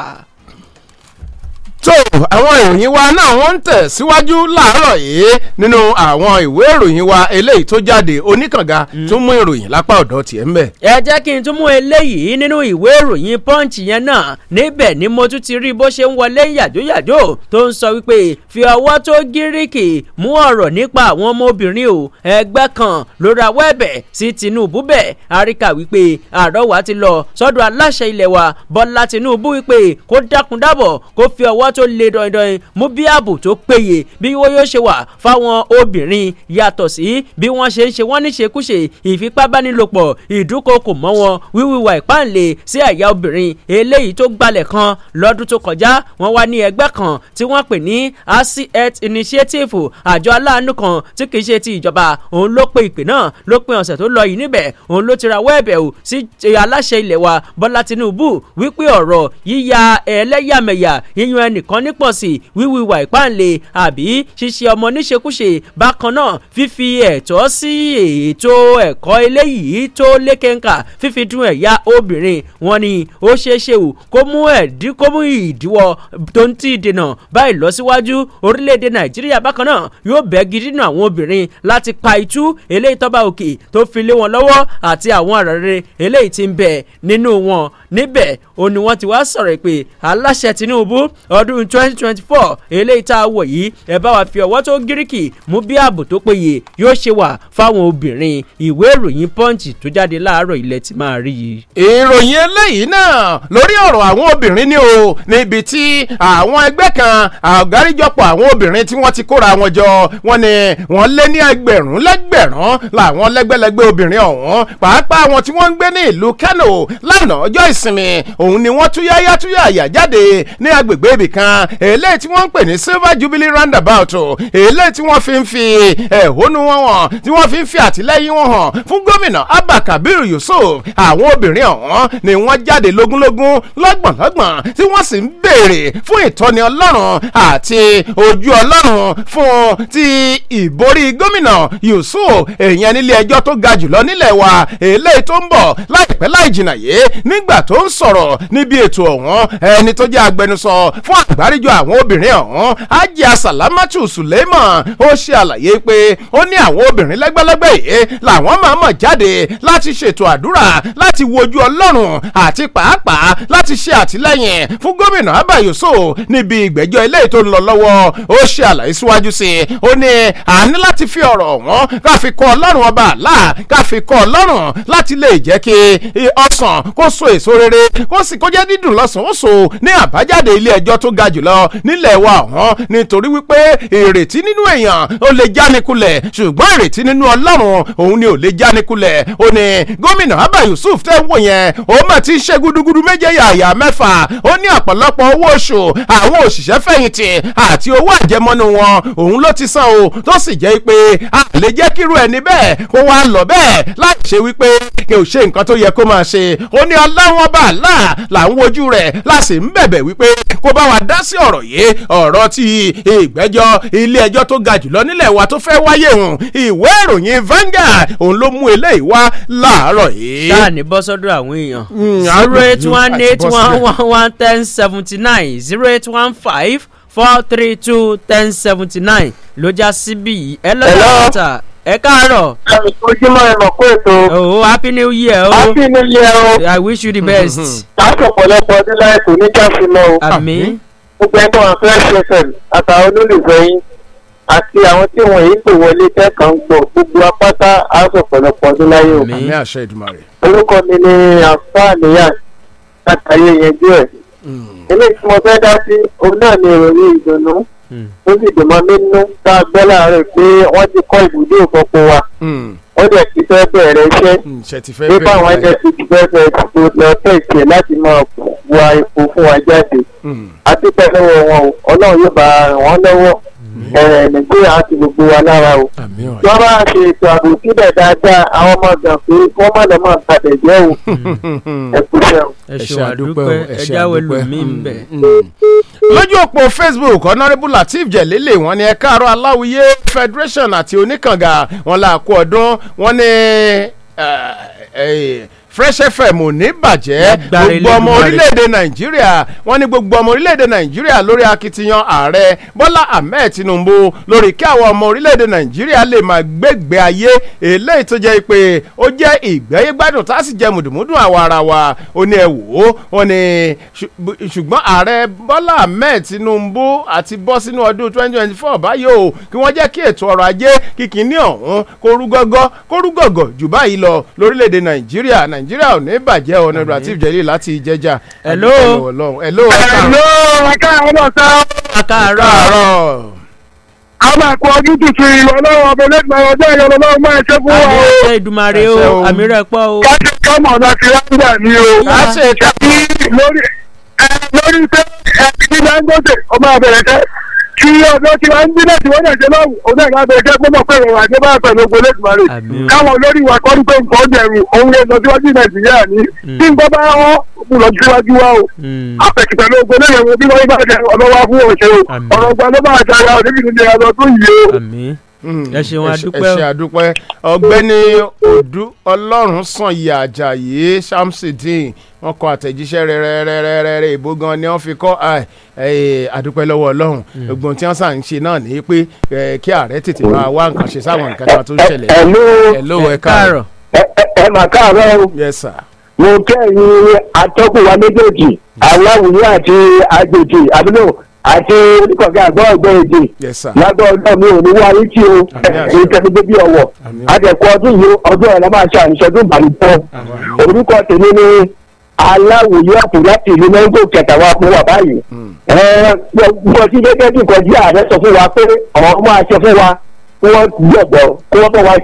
so àwọn ìròyìn wa náà wọ́n ń tẹ̀síwájú láàárọ̀ yìí nínú àwọn ìwé ìròyìn wa eléyìí tó jáde oníkànga tún mú ìròyìn lápá ọ̀dọ̀ tiẹ̀ ń bẹ̀. ẹ jẹ́ kí n tún mú eléyìí nínú ìwé ìròyìn punch yẹn náà níbẹ̀ ni mo tún ti rí bó ṣe ń wọlé yàjóyàjó tó ń sọ wípé fi ọwọ́ tó gíríkì mú ọ̀rọ̀ nípa àwọn ọmọbìnrin o ẹgbẹ́ kan ló ra wẹ́ẹ̀bẹ̀ sí Tinubu bẹ̀ àríkà wípé àrọ́wà ti lọ sọ́dọ̀ aláṣẹ ilẹ̀ wa Bọ́lá Tinubu wípé kó dákun dábọ̀ kó fi ọwọ́ tó le dandan mú bí ààbò tó péye bí wọ́n yóò ṣe wà fáwọn obìnrin yàtọ̀ sí bí wọ́n ṣe ń ṣe wọ́n níṣekúṣe ìfipábánilòpọ̀ ìdúnkokò mọ́ wọn wíwíwà ìpáǹlẹ̀ sí àyà obìnrin eléyìí tó gbalẹ̀ kan lọ́dún tó kọjá wọ́n wá ní ẹgbẹ́ kan tí wọ́n pè ní ACET initiative àjọ aláàánú kan tí kì í ṣe ti ìjọba òun ló pe ìpè náà lópin ọ̀sẹ̀ tó lọ yìí níbẹ̀ òun ló ti rawọ́ ẹ̀bẹ̀ o sí aláṣẹ ilẹ̀ wa Bọ́lá Tinubu wípé ọ̀rọ̀ yíya ẹlẹ́yàmẹ̀yà yíyan ẹnì ẹnìkan nípọ̀sí wíwí ìwà ìpáǹle àbí ṣíṣe ọmọ níṣekúṣe bákan náà fífi ẹ̀tọ́ sí ètò ẹ̀kọ́ eléyìí tó lékenkà fífi dún ẹ̀yà obìnrin wọn ni ó ṣeé ṣe wù kó mú ẹ̀dí kó mú ìdíwọ́ tó ń tí ì dènà bá ìlọsíwájú orílẹ̀-èdè nàìjíríà bákan náà yóò bẹ́ gidi nínú àwọn obìnrin láti pa itú eléyìí tọ́ba òkè tó fi lé wọn lọ́wọ́ àti àwọn àràrẹ eléyìí ti ń bẹ nínú wọn níbẹ̀ òun ni ti wá sọ̀rọ̀ pé aláṣẹ Tinubu ọd ọdún 2024 eléyìí tá a wọ̀ yìí ẹ bá wa fi ọwọ́ tó gíríkì mú bí ààbò tó péye yóò ṣe wà fáwọn obìnrin ìwé ìròyìn pọ́ǹtì tó jáde láàárọ̀ ilẹ̀ ti máa rí yìí. ìròyìn eléyìí náà lórí ọ̀rọ̀ àwọn obìnrin ni o níbi tí àwọn ẹgbẹ́ kan àgbáríjọpọ̀ àwọn obìnrin tí wọ́n ti kóra wọn jọ wọ́n ní wọ́n lé ní ẹgbẹ̀rún lẹ́gbẹ̀rún làwọn lẹ́gbẹ̀lẹ́gbẹ̀ obìnrin ọ̀hún pàápàá àwọn tí wọ́n ń gbé ní ìlú Kano lánàá ọjọ́ ìsinmi òun ni wọ́n túyáyá túyáyà jáde ní agbègbè ibìk kan eléyìí tí wọ́n ń pè ní silver jubilee roundabout eléyìí tí wọ́n fi ń fi ẹ̀hónú wọn hàn tí wọ́n fi ń fi àtìlẹ́yìn wọn hàn fún gómìnà abba kabir yusuf àwọn obìnrin ọ̀hún ni wọ́n jáde lógúnlógún lọ́gbọ̀nlọ́gbọ̀n tí wọ́n sì ń béèrè fún ìtọ́ni ọlọ́run àti ojú ọlọ́run fún ti ìborí gómìnà yusuf èèyàn nílé ẹjọ́ tó ga jùlọ nílẹ̀ wa eléyìí tó ń bọ̀ láìpẹ́ láì jìnnà yìí nígbà tó ń sọ̀rọ̀ níbi ètò ọ̀hún ẹni tó jẹ́ agbẹnusọ fún àgbáríjọ àwọn obìnrin ọ̀hún Hajiya Salamatu Suleiman ó ṣe àlàyé pé ó ní àwọn obìnrin lẹ́gbẹ́lẹ́gbẹ́ yìí làwọn máa mọ̀ jáde láti ṣètò àdúrà láti wojú Ọlọ́run àti pàápàá láti ṣe àtìlẹ́yìn fún gómìnà Abba Yusuf níbi ìgbẹ́jọ́ eléyìí tó ń lọ lọ́wọ́ ó ṣe àlàyé síwájú sí i ó ní à ní láti fi ọ̀rọ̀ ọ̀hún ká fi kọ́ Ọlọ́run ọba àlá ká fi kọ́ Ọlọ́run láti lè jẹ́ kí ọsàn kó so èso rere kó sì kó jẹ́ dídùn lọ́sàn-án ó so ní àbájáde ilé ẹjọ́ tó ga jùlọ nílẹ̀ wa ọ̀hún nítorí wípé ìrètí nínú èèyàn ó lè jánikulẹ̀ ṣùgbọ́n ìrètí nínú ọlọ́run òun ni ò lè jánikulẹ̀ ó ní gómìnà abba yusuf tẹ́ ń wò yẹn ó mà ti ṣe gudugudu méje yàyà mẹ́fà ó ní ọ̀pọ̀lọpọ̀ owó oṣù àwọn òṣìṣẹ́ fẹ̀yìntì àti owó àjẹmọ́nú wọn òun ló ti san o tó sì jẹ́ pé a lè jẹ́ kíru ẹni bẹ́ẹ̀ kó wá lọ bẹ́ẹ̀ láì ṣe wípé kí o ṣe nǹkan tó yẹ kó máa ṣe ó ní ọlọ́run ọba àlá là ń wojú rẹ̀ láti ń bẹ̀bẹ̀ wípé kó bá wa dá sí ọ̀rọ̀ yìí ọ̀rọ̀ ti ìgbẹ́jọ́ ilé ẹjọ́ tó ga jùlọ nílẹ̀ wa tó fẹ́ wáyé hùn ìwé ìròyìn Vanguard òun ló mú eléyìí wá láàárọ̀ yìí. táà ní bọ́ sọ́dọ̀ àwọn èèyàn hmm, zero eight one eight one one one ten seventy nine zero eight one five four three two ten seventy nine ló já síbí yìí ẹ lọ́dọ̀ ọ̀tà ẹ káàárọ̀. ojúmọ́ ẹ mọ̀ kó ètò. oh happy new year o. Oh. happy new year o. Oh. i wish you the best. láti ọ̀pọ̀lọpọ̀ ọdún láìpẹ́ oníjà sí lọ. àmín gbogbo ẹgbẹ́ wọn fresh fm àtàwọn olólùfẹ́ yín àti àwọn tí wọn yìí tó wọlé kẹ́kọ̀ọ́ ń gbọ́ gbogbo apáta aṣọ pọ̀lọpọ̀ ọdún láyé o. àmì àṣẹ ìdùmarè. orúkọ mi ni àfáà nìyà látàyè yẹn díẹ̀. ilé hmm. tí mo fẹ́ dá sí òun náà ni ìròyìn ìdùnnú hmm. ó sì dùn mọ́ mi nínú tá a gbọ́ láàárọ̀ pé wọ́n ti kọ́ ibùdó ìkọ̀kọ̀ wa. Hmm wọ́n dẹ̀ ti fẹ́ bẹ̀rẹ̀ iṣẹ́ hmm, pé báwọn ẹgbẹ́ ti ti fẹ́ bẹ̀rẹ̀ ìdìbò lọ tẹ̀sẹ̀ láti máa wa epo fún wa jáde àti hmm. pẹ̀lú wọn ọlọ́run yóò bá ràn wọ́n lọ́wọ́ Eh, nàìjíríà á ti gbogbo wa lára o wọ́n bá ṣe ètò ààbò sílẹ̀ dáadáa àwọn ọmọ gàn pé wọ́n má lọ́ máa padà jẹ́ o hmm. ẹ kú ṣe o. ẹ ṣe àdúpẹ́ ẹ jáwé lùmí ń hmm. bẹ̀. Hmm. lójú òpó facebook honourable lateef jẹ̀lélẹ̀ wọ́n ní ẹ káàárọ̀ aláwíyé federation àti oníkànga wọn là kú ọdún wọ́n ní. Eh, eh, fresh fm ò ní bàjẹ́ gbogbo ọmọ orílẹ̀-èdè nàìjíríà wọ́n ní gbogbo ọmọ orílẹ̀-èdè nàìjíríà lórí akitiyan ààrẹ bọ́lá ahmed tinubu lórí kí àwọn ọmọ orílẹ̀-èdè nàìjíríà lè máa gbégbé ayé eléyìí tó jẹ́ pé ó jẹ́ ìgbẹ́yé gbádùn tá a sì jẹ mùdùmùdùn àwa ara wa ó ní ẹ wò ó ó ní ṣùgbọ́n ààrẹ bọ́lá ahmed tinubu àti bọ́ sínú ọdún twenty twenty four báyìí o kí wọ́n jẹ́ kí ètò ọrọ̀ ajé kíkì ní ọ̀hún kó rú gọ́gọ́ kó gọ́gọ́ jù báyìí lọ lórílẹ̀-èdè nàìjíríà nàìjíríà nàìjíríà ò ní bàjẹ́ o ní Latif Jelly láti ìjẹjà. hello hello hello akáàárọ̀ sá. akáàárọ̀. a máa kọ ọdún tuntun ìlú ọlọ́run ọmọ ẹlẹ́gbẹ̀rún ọjọ́ ìyọ̀nà ọlọ́run fún wa. o pọ̀ o. ti ọmọ kí ọdún tí wàá ń bí láti wọ́n yànjẹ́ lọ́wọ́ òun náà lábẹ́ ẹgbẹ́ gbọ́dọ̀ pé ìrọ̀rùn àti bá pẹ̀lú ogun lẹ́tùmárì káwọn olórí wa kọ́ nípa nǹkan ọ̀dẹ̀rù òun lè lọ síwájú nàìjíríà ní hmm. tí nǹkan bá wọ́n mú lọ síwájú wa o hmm. àfẹ̀kì pẹ̀lú ogun lẹ́yìn bí wọ́n bá jẹ ọlọ́wà fún òṣèlú ọ̀rọ̀ gbà ló bá jẹ ara òdìbìnrin jẹ ọdún yìí o. Mm-hmm. ẹ ṣeun adúpẹ́ ẹ ṣe adúpẹ́ ọ̀gbẹ́ni odu ọlọ́run sànyà ajayi samsidin wọ́n kọ àtẹ̀jíṣẹ́ rẹrẹrẹrẹrẹ ìbò gan ni wọ́n fi kọ adúpẹ́ lọ́wọ́ ọlọ́run gbogbo mm. tí wọ́n sà ń ṣe náà ni pé kí ààrẹ tètè máa wá nǹkan ṣe sáwọn nǹkan tó ń ṣẹlẹ̀. hello ẹ káàárọ̀. ẹ mà káàárọ̀ o. yes sir. mo kẹ́yìn atọ́kùn wa méjèèjì aláwùjọ àti àjèjì àbúrò àti oníkọ̀ọ́gá àgbọ̀ ọ̀gbẹ́ èdè lọ́dọ̀ ọ̀dọ̀ mi ò ní wá rí tí o ìtẹ̀síbí bí ọ̀wọ̀ àtẹ̀kọ́ ọdún yìí ọdún ọ̀la máa ṣe àìṣẹ́dún ìbànújẹ́ orúkọ tèmi ni aláwòye ọ̀pọ̀ láti ìlú mẹ́ńgò kẹta wa hmm. fún wa báyìí gbogbo tí gẹ́gẹ́ bí wa pé ọ̀rọ̀ máa ṣe fún wa kí wọ́n gbọ̀gbọ̀ kí wọ́n wa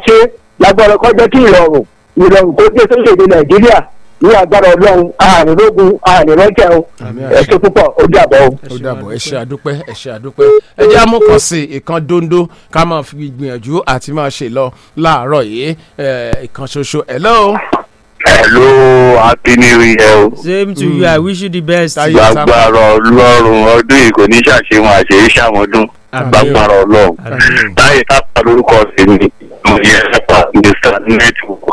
ṣe ní agbára ọlọ́run àrùn lógun o ẹ púpọ̀ ó dàbọ̀ o. ó dàbọ̀ ẹ ṣe àdúpẹ́ ẹ àdúpẹ́ ẹ jẹ́ ìkan dondo ká máa fi gbìyànjú àti máa ṣe lọ láàárọ̀ yìí ìkan ṣoṣo hello. hello happy new year o. same to you i wish you the best. gbàgbàrà ọlọ́run ọdún yìí ní ṣàṣehun àṣeyí ṣàmọ́dún gbàgbàrà ọlọ́run báyìí tápà